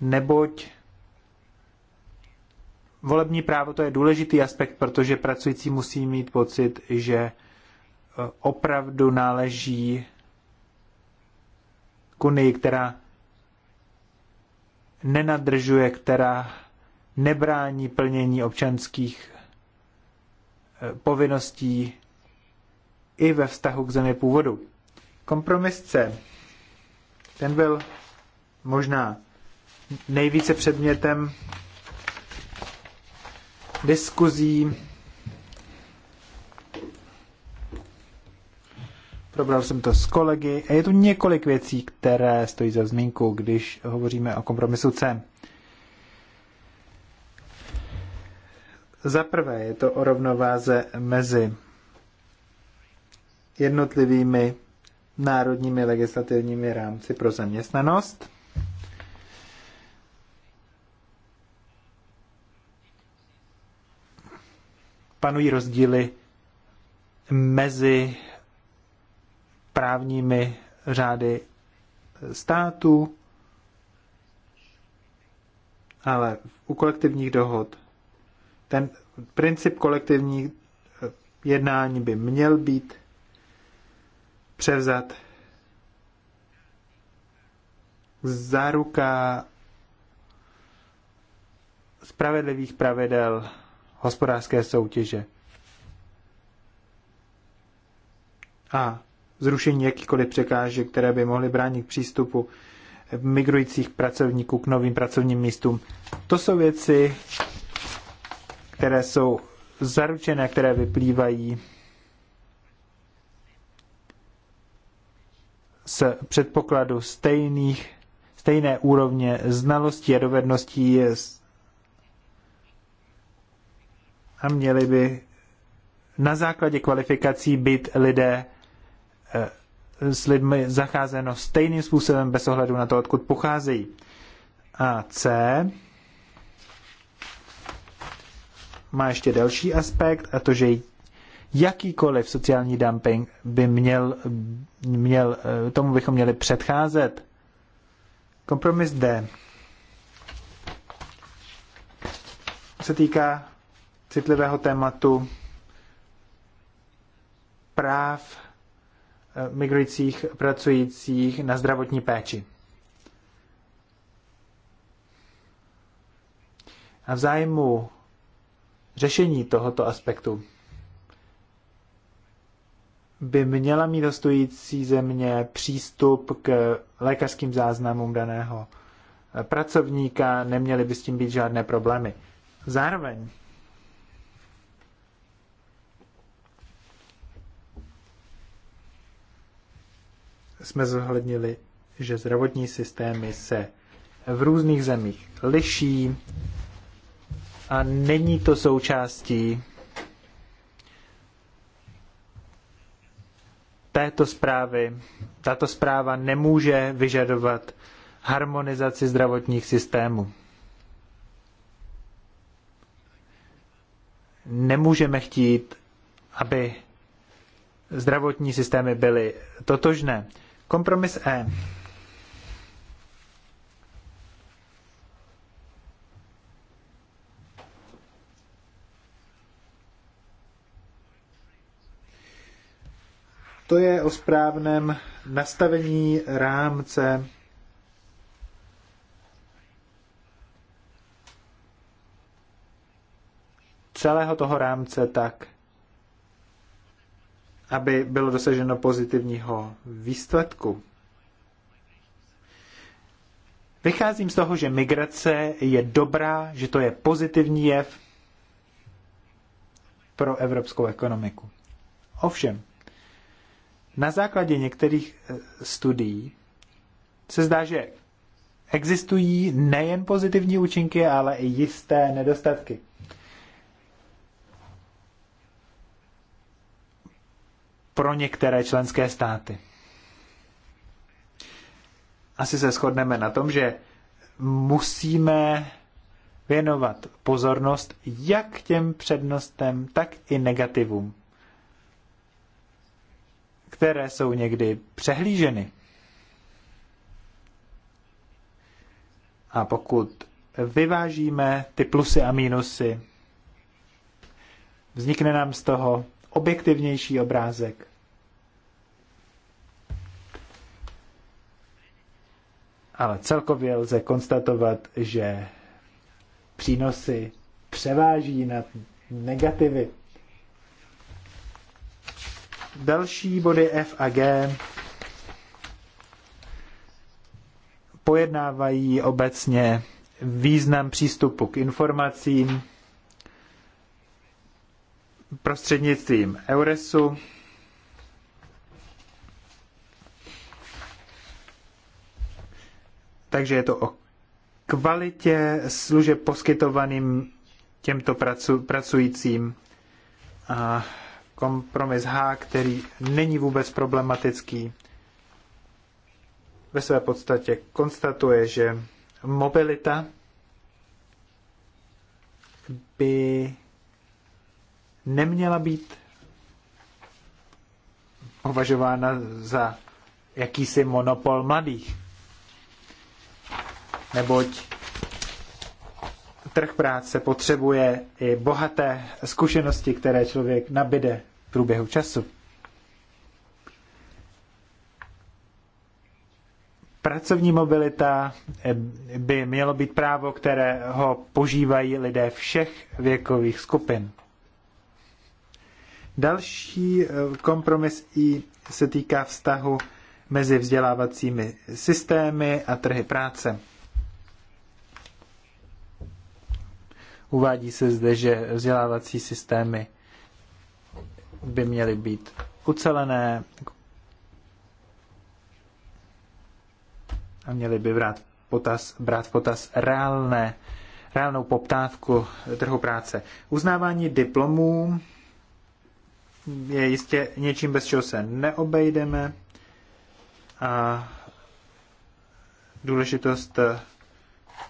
neboť volební právo to je důležitý aspekt, protože pracující musí mít pocit, že eh, opravdu náleží k unii, která nenadržuje, která nebrání plnění občanských eh, povinností i ve vztahu k zemi původu. Kompromis C. Ten byl možná nejvíce předmětem diskuzí. Probral jsem to s kolegy a je tu několik věcí, které stojí za zmínku, když hovoříme o kompromisu C. Za prvé je to o rovnováze mezi jednotlivými národními legislativními rámci pro zaměstnanost panují rozdíly mezi právními řády států, ale u kolektivních dohod ten princip kolektivní eh, jednání by měl být převzat záruka spravedlivých pravidel hospodářské soutěže a zrušení jakýchkoliv překážek, které by mohly bránit přístupu migrujících pracovníků k novým pracovním místům. To jsou věci, které jsou zaručené, které vyplývají z předpokladu stejných, stejné úrovně znalostí a dovedností a měli by na základě kvalifikací být lidé eh, s lidmi zacházeno stejným způsobem bez ohledu na to, odkud pocházejí. A C má ještě další aspekt, a to, že jakýkoliv sociální dumping by měl, měl eh, tomu bychom měli předcházet. Kompromis D se týká citlivého tématu práv eh, migrujících pracujících na zdravotní péči. A v zájmu řešení tohoto aspektu by měla mít hostující země přístup k lékařským záznamům daného eh, pracovníka, neměly by s tím být žádné problémy. Zároveň jsme zohlednili, že zdravotní systémy se v různých zemích liší a není to součástí této zprávy. Tato zpráva nemůže vyžadovat harmonizaci zdravotních systémů. Nemůžeme chtít, aby zdravotní systémy byly totožné. Kompromis E. To je o správném nastavení rámce celého toho rámce tak, aby bylo dosaženo pozitivního výsledku. Vycházím z toho, že migrace je dobrá, že to je pozitivní jev pro evropskou ekonomiku. Ovšem, na základě některých eh, studií se zdá, že existují nejen pozitivní účinky, ale i jisté nedostatky. pro některé členské státy. Asi se shodneme na tom, že musíme věnovat pozornost jak těm přednostem, tak i negativům, které jsou někdy přehlíženy. A pokud vyvážíme ty plusy a mínusy, vznikne nám z toho objektivnější obrázek. Ale celkově lze konstatovat, že přínosy převáží nad negativy. Další body F a G pojednávají obecně význam přístupu k informacím, prostřednictvím Euresu. Takže je to o kvalitě služeb poskytovaným těmto pracu, pracujícím. A kompromis H, který není vůbec problematický, ve své podstatě konstatuje, že mobilita by neměla být považována za jakýsi monopol mladých. Neboť trh práce potřebuje i bohaté zkušenosti, které člověk nabide v průběhu času. Pracovní mobilita eh, by mělo být právo, které ho požívají lidé všech věkových skupin. Další eh, kompromis I se týká vztahu mezi vzdělávacími systémy a trhy práce. Uvádí se zde, že vzdělávací systémy by měly být ucelené a měly by brát, potaz, brát potaz reálné, reálnou poptávku trhu práce. Uznávání diplomů je jistě něčím, bez čeho se neobejdeme. A důležitost eh,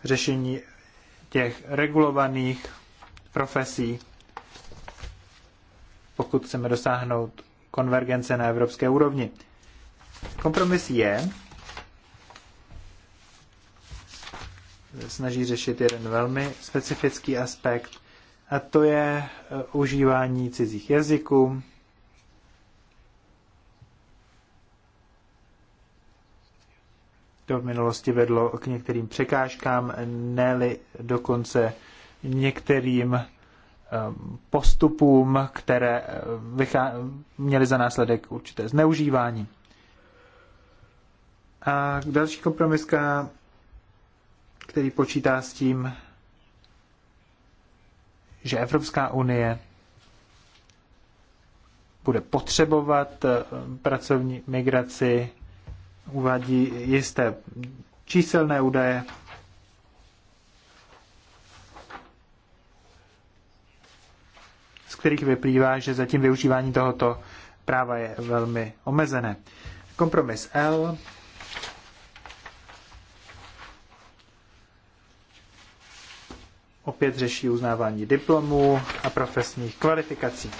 řešení těch regulovaných profesí, pokud chceme dosáhnout konvergence na evropské úrovni. Kompromis je, snaží řešit jeden velmi specifický aspekt, a to je eh, užívání cizích jazyků. To v minulosti vedlo k některým překážkám, ne-li dokonce některým eh, postupům, které eh, měly za následek určité zneužívání. A další kompromiska, který počítá s tím, že Evropská unie bude potřebovat eh, pracovní migraci, uvádí jisté číselné údaje. z kterých vyplývá, že zatím využívání tohoto práva je velmi omezené. Kompromis L opět řeší uznávání diplomů a profesních kvalifikací.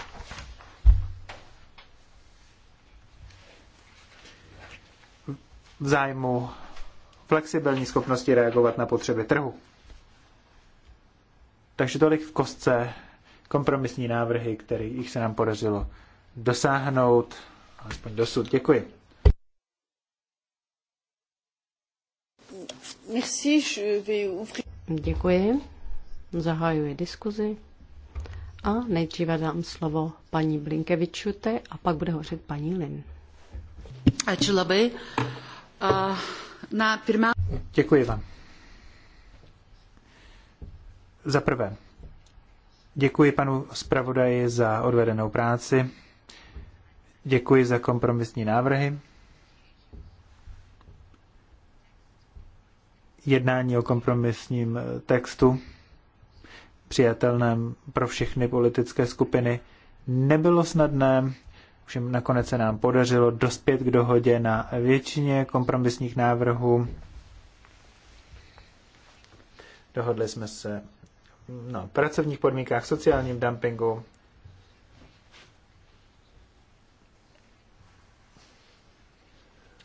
V zájmu flexibilní schopnosti reagovat na potřeby trhu. Takže tolik v kostce kompromisní návrhy, kterých se nám podařilo dosáhnout, alespoň dosud. Děkuji. Děkuji. Zahajuji diskuzi a nejdříve dám slovo paní Blinkevičute a pak bude hořit paní Lin. Ačiū labai. Na pirmá... Děkuji vám. Za prvé, děkuji panu zpravodaji za odvedenou práci, děkuji za kompromisní návrhy, jednání o kompromisním textu přijatelném pro všechny politické skupiny. Nebylo snadné, všem nakonec se nám podařilo dospět k dohodě na většině kompromisních návrhů. Dohodli jsme se na no, pracovních podmínkách, sociálním dumpingu,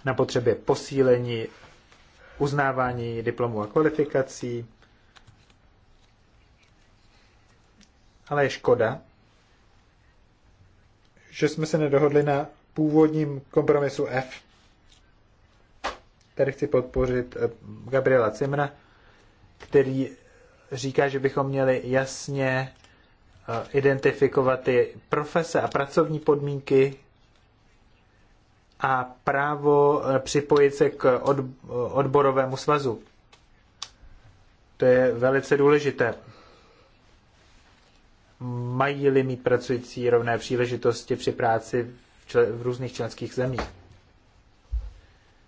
na potřebě posílení uznávání diplomů a kvalifikací, ale je škoda, že jsme se nedohodli na původním kompromisu F. Tady chci podpořit eh, Gabriela Cimra, který říká, že bychom měli jasně eh, identifikovat ty profese a pracovní podmínky a právo eh, připojit se k odborovému svazu. To je velice důležité mají-li mít pracující rovné příležitosti při práci v, čl- v různých členských zemích.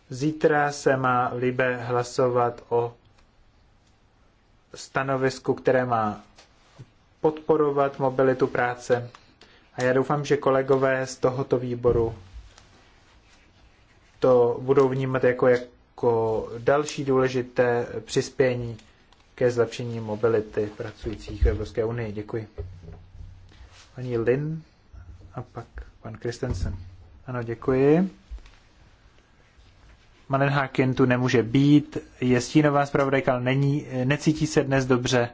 Zítra se má Libe hlasovat o stanovisku, které má podporovat mobilitu práce. A já doufám, že kolegové z tohoto výboru to budou vnímat jako, jako další důležité přispění ke zlepšení mobility pracujících v Evropské unii. Děkuji. Paní Lin a pak pan Kristensen. Ano, děkuji. Manenhaken tu nemůže být, je stínová zpravodajka, ale není, necítí se dnes dobře,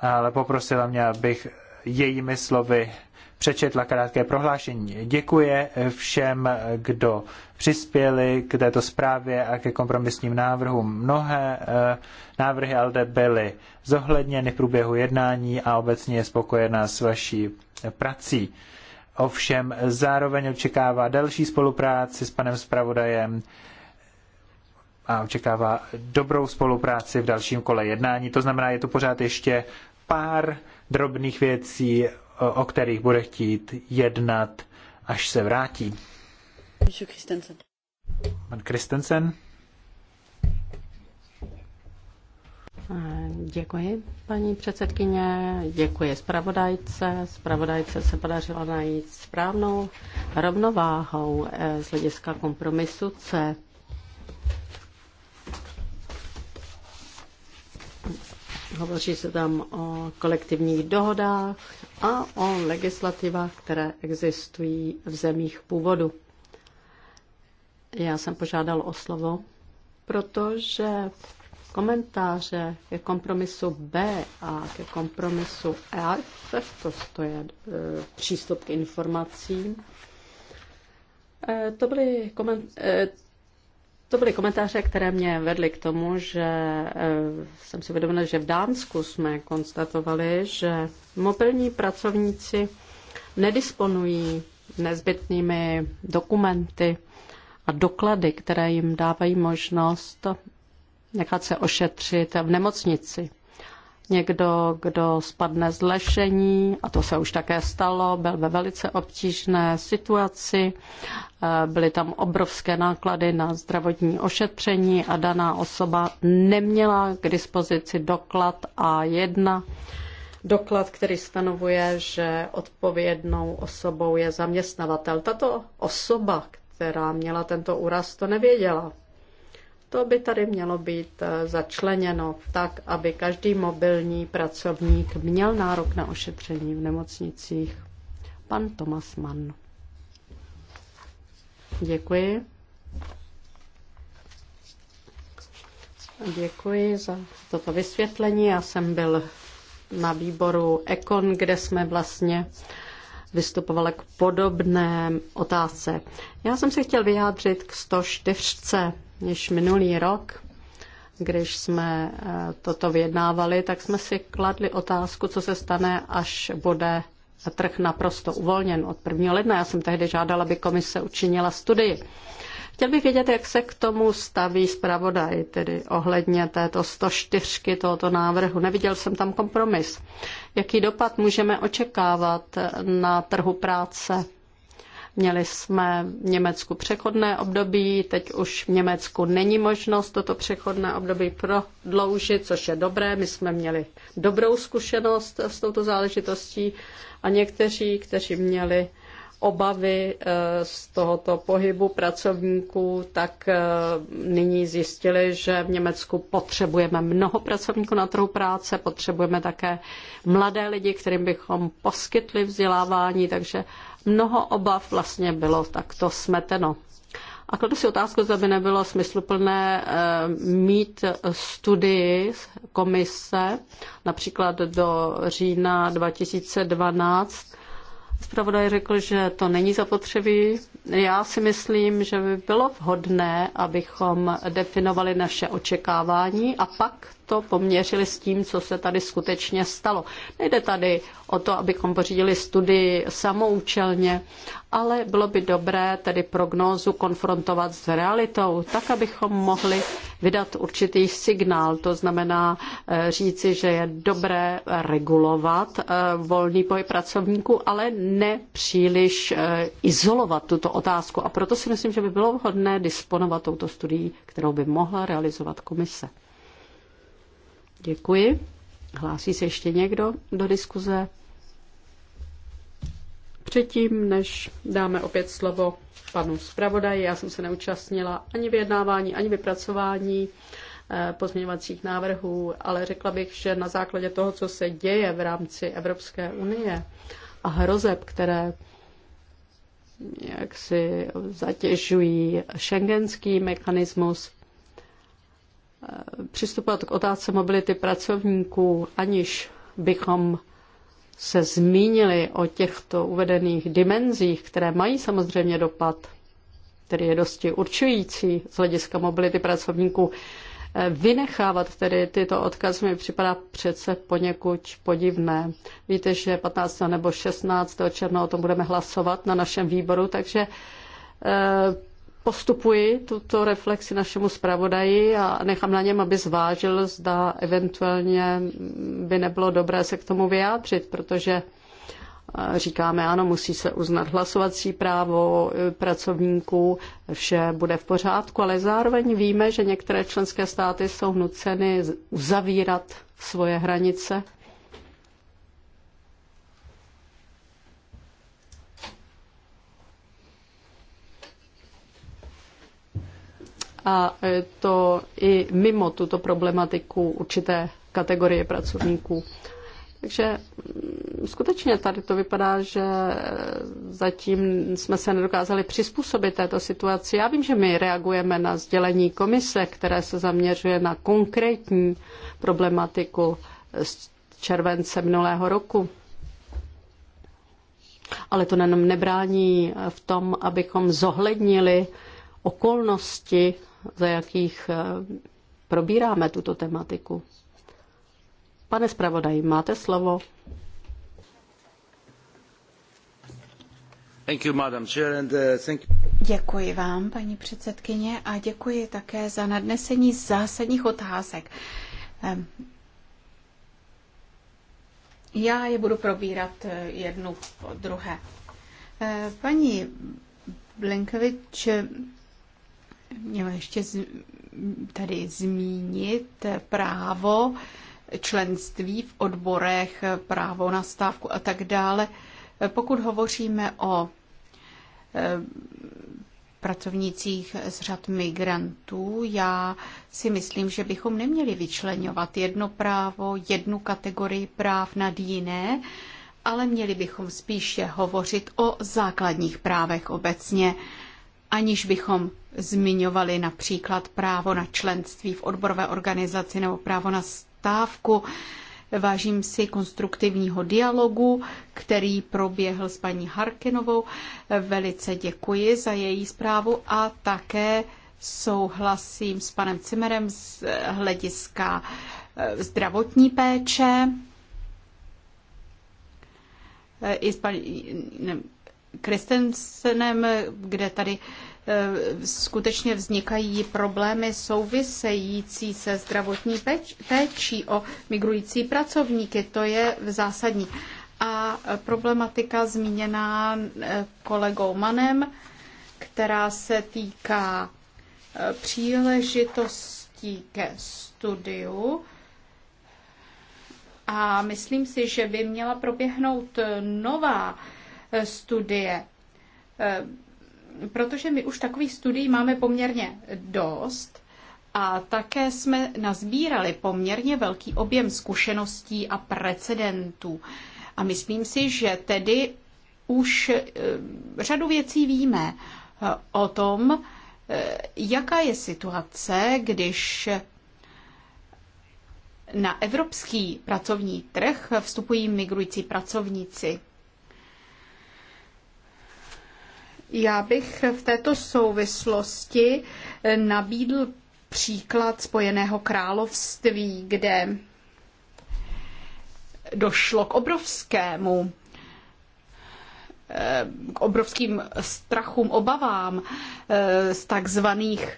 ale poprosila mě, abych jejími slovy přečetla krátké prohlášení. Děkuje všem, kdo přispěli k této zprávě a ke kompromisním návrhům. Mnohé eh, návrhy ALDE byly zohledněny v průběhu jednání a obecně je spokojená s vaší prací. Ovšem zároveň očekává další spolupráci s panem zpravodajem a očekává dobrou spolupráci v dalším kole jednání. To znamená, je tu pořád ještě pár drobných věcí, o kterých bude chtít jednat, až se vrátí. Pan Kristensen. Eh, děkuji, paní předsedkyně, děkuji zpravodajce. Zpravodajce se podařilo najít správnou rovnováhou eh, z hlediska kompromisu C. Hovoří se tam o kolektivních dohodách a o legislativách, které existují v zemích původu. Já jsem požádal o slovo, protože komentáře ke kompromisu B a ke kompromisu F, to je e, přístup k informacím, e, to byly, e, to byly komentáře, které mě vedly k tomu, že e, jsem si uvědomila, že v Dánsku jsme konstatovali, že mobilní pracovníci nedisponují nezbytnými dokumenty a doklady, které jim dávají možnost nechat se ošetřit v nemocnici někdo, kdo spadne z lešení, a to se už také stalo, byl ve velice obtížné situaci, eh, byly tam obrovské náklady na zdravotní ošetření a daná osoba neměla k dispozici doklad A1, doklad, který stanovuje, že odpovědnou osobou je zaměstnavatel. Tato osoba, která měla tento úraz, to nevěděla. To by tady mělo být eh, začleněno tak, aby každý mobilní pracovník měl nárok na ošetření v nemocnicích. Pan Tomas Mann. Děkuji. Děkuji za toto vysvětlení. Já jsem byl na výboru Ekon, kde jsme vlastně vystupovali k podobné otázce. Já jsem se chtěl vyjádřit k 104 než minulý rok, když jsme eh, toto vyjednávali, tak jsme si kladli otázku, co se stane, až bude trh naprosto uvolněn od 1. ledna. Já jsem tehdy žádala, aby komise učinila studii. Chtěl bych vědět, jak se k tomu staví zpravodaj, tedy ohledně této 104 tohoto návrhu. Neviděl jsem tam kompromis. Jaký dopad můžeme očekávat na trhu práce? Měli jsme v Německu přechodné období, teď už v Německu není možnost toto přechodné období prodloužit, což je dobré. My jsme měli dobrou zkušenost s touto záležitostí a někteří, kteří měli obavy eh, z tohoto pohybu pracovníků, tak eh, nyní zjistili, že v Německu potřebujeme mnoho pracovníků na trhu práce, potřebujeme také mladé lidi, kterým bychom poskytli vzdělávání, takže mnoho obav vlastně bylo takto smeteno. A kladu si otázku, zda by nebylo smysluplné eh, mít studii komise, například do října 2012. Zpravodaj řekl, že to není zapotřebí. Já si myslím, že by bylo vhodné, abychom definovali naše očekávání a pak to poměřili s tím, co se tady skutečně stalo. Nejde tady o to, abychom pořídili studii samoučelně, ale bylo by dobré tedy prognózu konfrontovat s realitou, tak, abychom mohli vydat určitý signál. To znamená eh, říci, že je dobré regulovat eh, volný pohyb pracovníků, ale ne příliš eh, izolovat tuto otázku. A proto si myslím, že by bylo vhodné disponovat touto studií, kterou by mohla realizovat komise. Děkuji. Hlásí se ještě někdo do diskuze? Předtím, než dáme opět slovo panu zpravodaji, já jsem se neúčastnila ani vyjednávání, ani vypracování eh, pozměňovacích návrhů, ale řekla bych, že na základě toho, co se děje v rámci Evropské unie a hrozeb, které eh, jak si zatěžují šengenský mechanismus, přistupovat k otázce mobility pracovníků, aniž bychom se zmínili o těchto uvedených dimenzích, které mají samozřejmě dopad, který je dosti určující z hlediska mobility pracovníků, eh, vynechávat tedy tyto odkazy mi připadá přece poněkud podivné. Víte, že 15. nebo 16. června o tom budeme hlasovat na našem výboru, takže eh, postupuji tuto reflexi našemu zpravodaji a nechám na něm, aby zvážil, zda eventuálně by nebylo dobré se k tomu vyjádřit, protože eh, říkáme, ano, musí se uznat hlasovací právo eh, pracovníků, vše bude v pořádku, ale zároveň víme, že některé členské státy jsou nuceny uzavírat svoje hranice a e, to i mimo tuto problematiku určité kategorie pracovníků. Takže mm, skutečně tady to vypadá, že e, zatím jsme se nedokázali přizpůsobit této situaci. Já vím, že my reagujeme na sdělení komise, které se zaměřuje na konkrétní problematiku z července minulého roku. Ale to nám nebrání v tom, abychom zohlednili okolnosti, za jakých eh, probíráme tuto tematiku. Pane zpravodaji, máte slovo. Eh, děkuji vám, paní předsedkyně, a děkuji také za nadnesení zásadních otázek. Ehm, já je budu probírat eh, jednu po druhé. Paní Blinkovič měla ještě tady zmínit právo členství v odborech, právo na stávku a tak dále. Pokud hovoříme o e, pracovnících z řad migrantů, já si myslím, že bychom neměli vyčlenovat jedno právo, jednu kategorii práv nad jiné, ale měli bychom spíše hovořit o základních právech obecně aniž bychom zmiňovali například právo na členství v odborové organizaci nebo právo na stávku. Vážím si konstruktivního dialogu, který proběhl s paní Harkinovou. Velice děkuji za její zprávu a také souhlasím s panem Cimerem z hlediska eh, zdravotní péče eh, i s Kristensenem, kde tady eh, skutečně vznikají problémy související se zdravotní péč, péčí o migrující pracovníky. To je v zásadní. A problematika zmíněná eh, kolegou Manem, která se týká eh, příležitostí ke studiu. A myslím si, že by měla proběhnout nová Eh, studie. Eh, protože my už takových studií máme poměrně dost a také jsme nazbírali poměrně velký objem zkušeností a precedentů. A myslím si, že tedy už eh, řadu věcí víme o tom, jaká je situace, když na evropský pracovní trh vstupují migrující pracovníci. Já bych v této souvislosti eh, nabídl příklad Spojeného království, kde došlo k obrovskému eh, k obrovským strachům, obavám eh, z takzvaných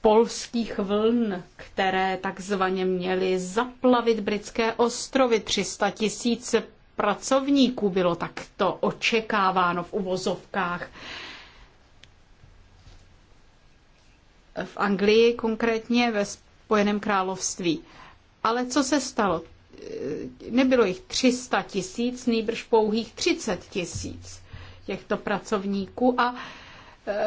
polských vln, které takzvaně měly zaplavit britské ostrovy. 300 tisíc pracovníků bylo takto očekáváno v uvozovkách. V Anglii konkrétně ve Spojeném království. Ale co se stalo? Nebylo jich 300 tisíc, nejbrž pouhých 30 tisíc těchto pracovníků a e,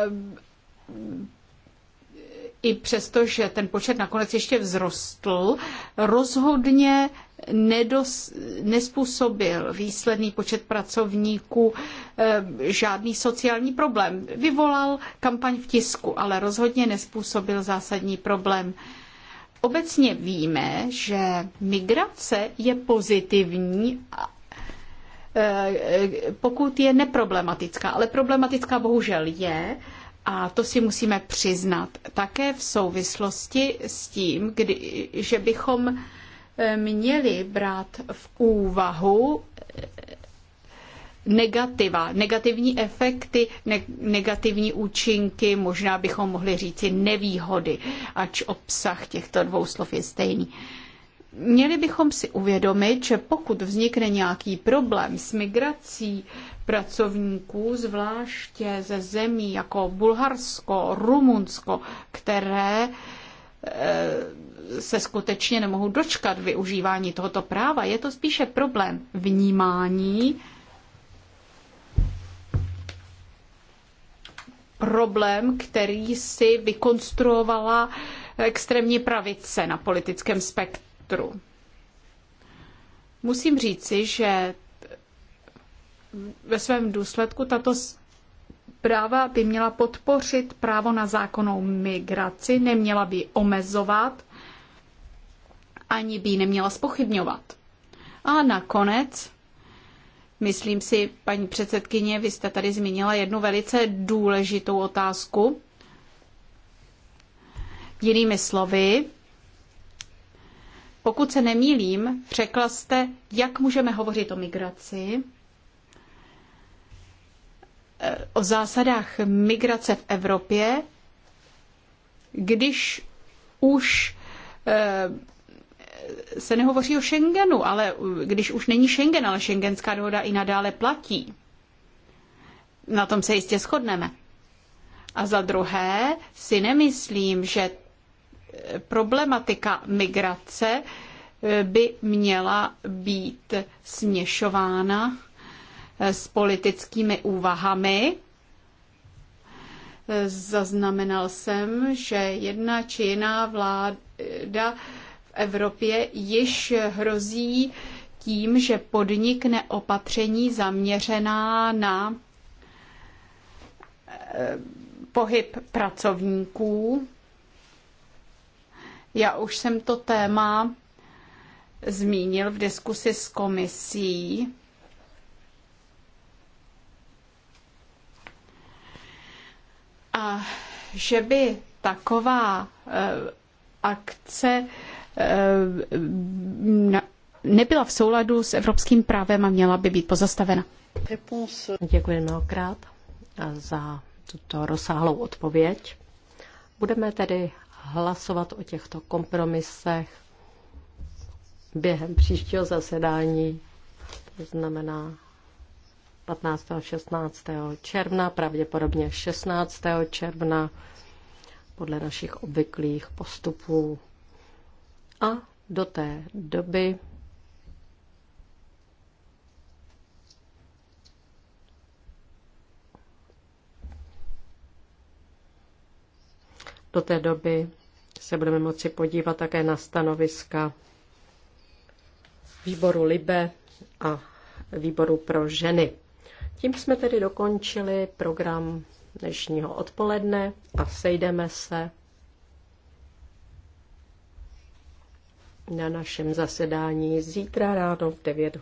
i přesto, že ten počet nakonec ještě vzrostl, rozhodně nedos, nespůsobil výsledný počet pracovníků eh, žádný sociální problém. Vyvolal kampaň v tisku, ale rozhodně nespůsobil zásadní problém. Obecně víme, že migrace je pozitivní, eh, pokud je neproblematická, ale problematická bohužel je, a to si musíme přiznat také v souvislosti s tím, kdy, že bychom měli brát v úvahu negativa, negativní efekty, negativní účinky, možná bychom mohli říci nevýhody, ač obsah těchto dvou slov je stejný. Měli bychom si uvědomit, že pokud vznikne nějaký problém s migrací pracovníků, zvláště ze zemí jako Bulharsko, Rumunsko, které eh, se skutečně nemohu dočkat využívání tohoto práva. Je to spíše problém vnímání, problém, který si vykonstruovala extrémní pravice na politickém spektru. Musím říci, že ve svém důsledku tato práva by měla podpořit právo na zákonnou migraci, neměla by omezovat ani by ji neměla spochybňovat. A nakonec, myslím si, paní předsedkyně, vy jste tady zmínila jednu velice důležitou otázku. Jinými slovy, pokud se nemýlím, řekla jste, jak můžeme hovořit o migraci, eh, o zásadách migrace v Evropě, když už eh, se nehovoří o Schengenu, ale když už není Schengen, ale Schengenská dohoda i nadále platí. Na tom se jistě shodneme. A za druhé si nemyslím, že problematika migrace eh, by měla být směšována eh, s politickými úvahami. Eh, zaznamenal jsem, že jedna či jiná vláda Evropě již hrozí tím, že podnikne opatření zaměřená na eh, pohyb pracovníků. Já už jsem to téma zmínil v diskusi s komisí. A že by taková eh, akce Eh, nebyla v souladu s evropským právem a měla by být pozastavena. Děkuji mnohokrát za tuto rozsáhlou odpověď. Budeme tedy hlasovat o těchto kompromisech během příštího zasedání, to znamená 15. a 16. června, pravděpodobně 16. června, podle našich obvyklých postupů a do té doby Do té doby se budeme moci podívat také na stanoviska výboru Libe a výboru pro ženy. Tím jsme tedy dokončili program dnešního odpoledne a sejdeme se na našem zasedání zítra ráno v 9 hodin.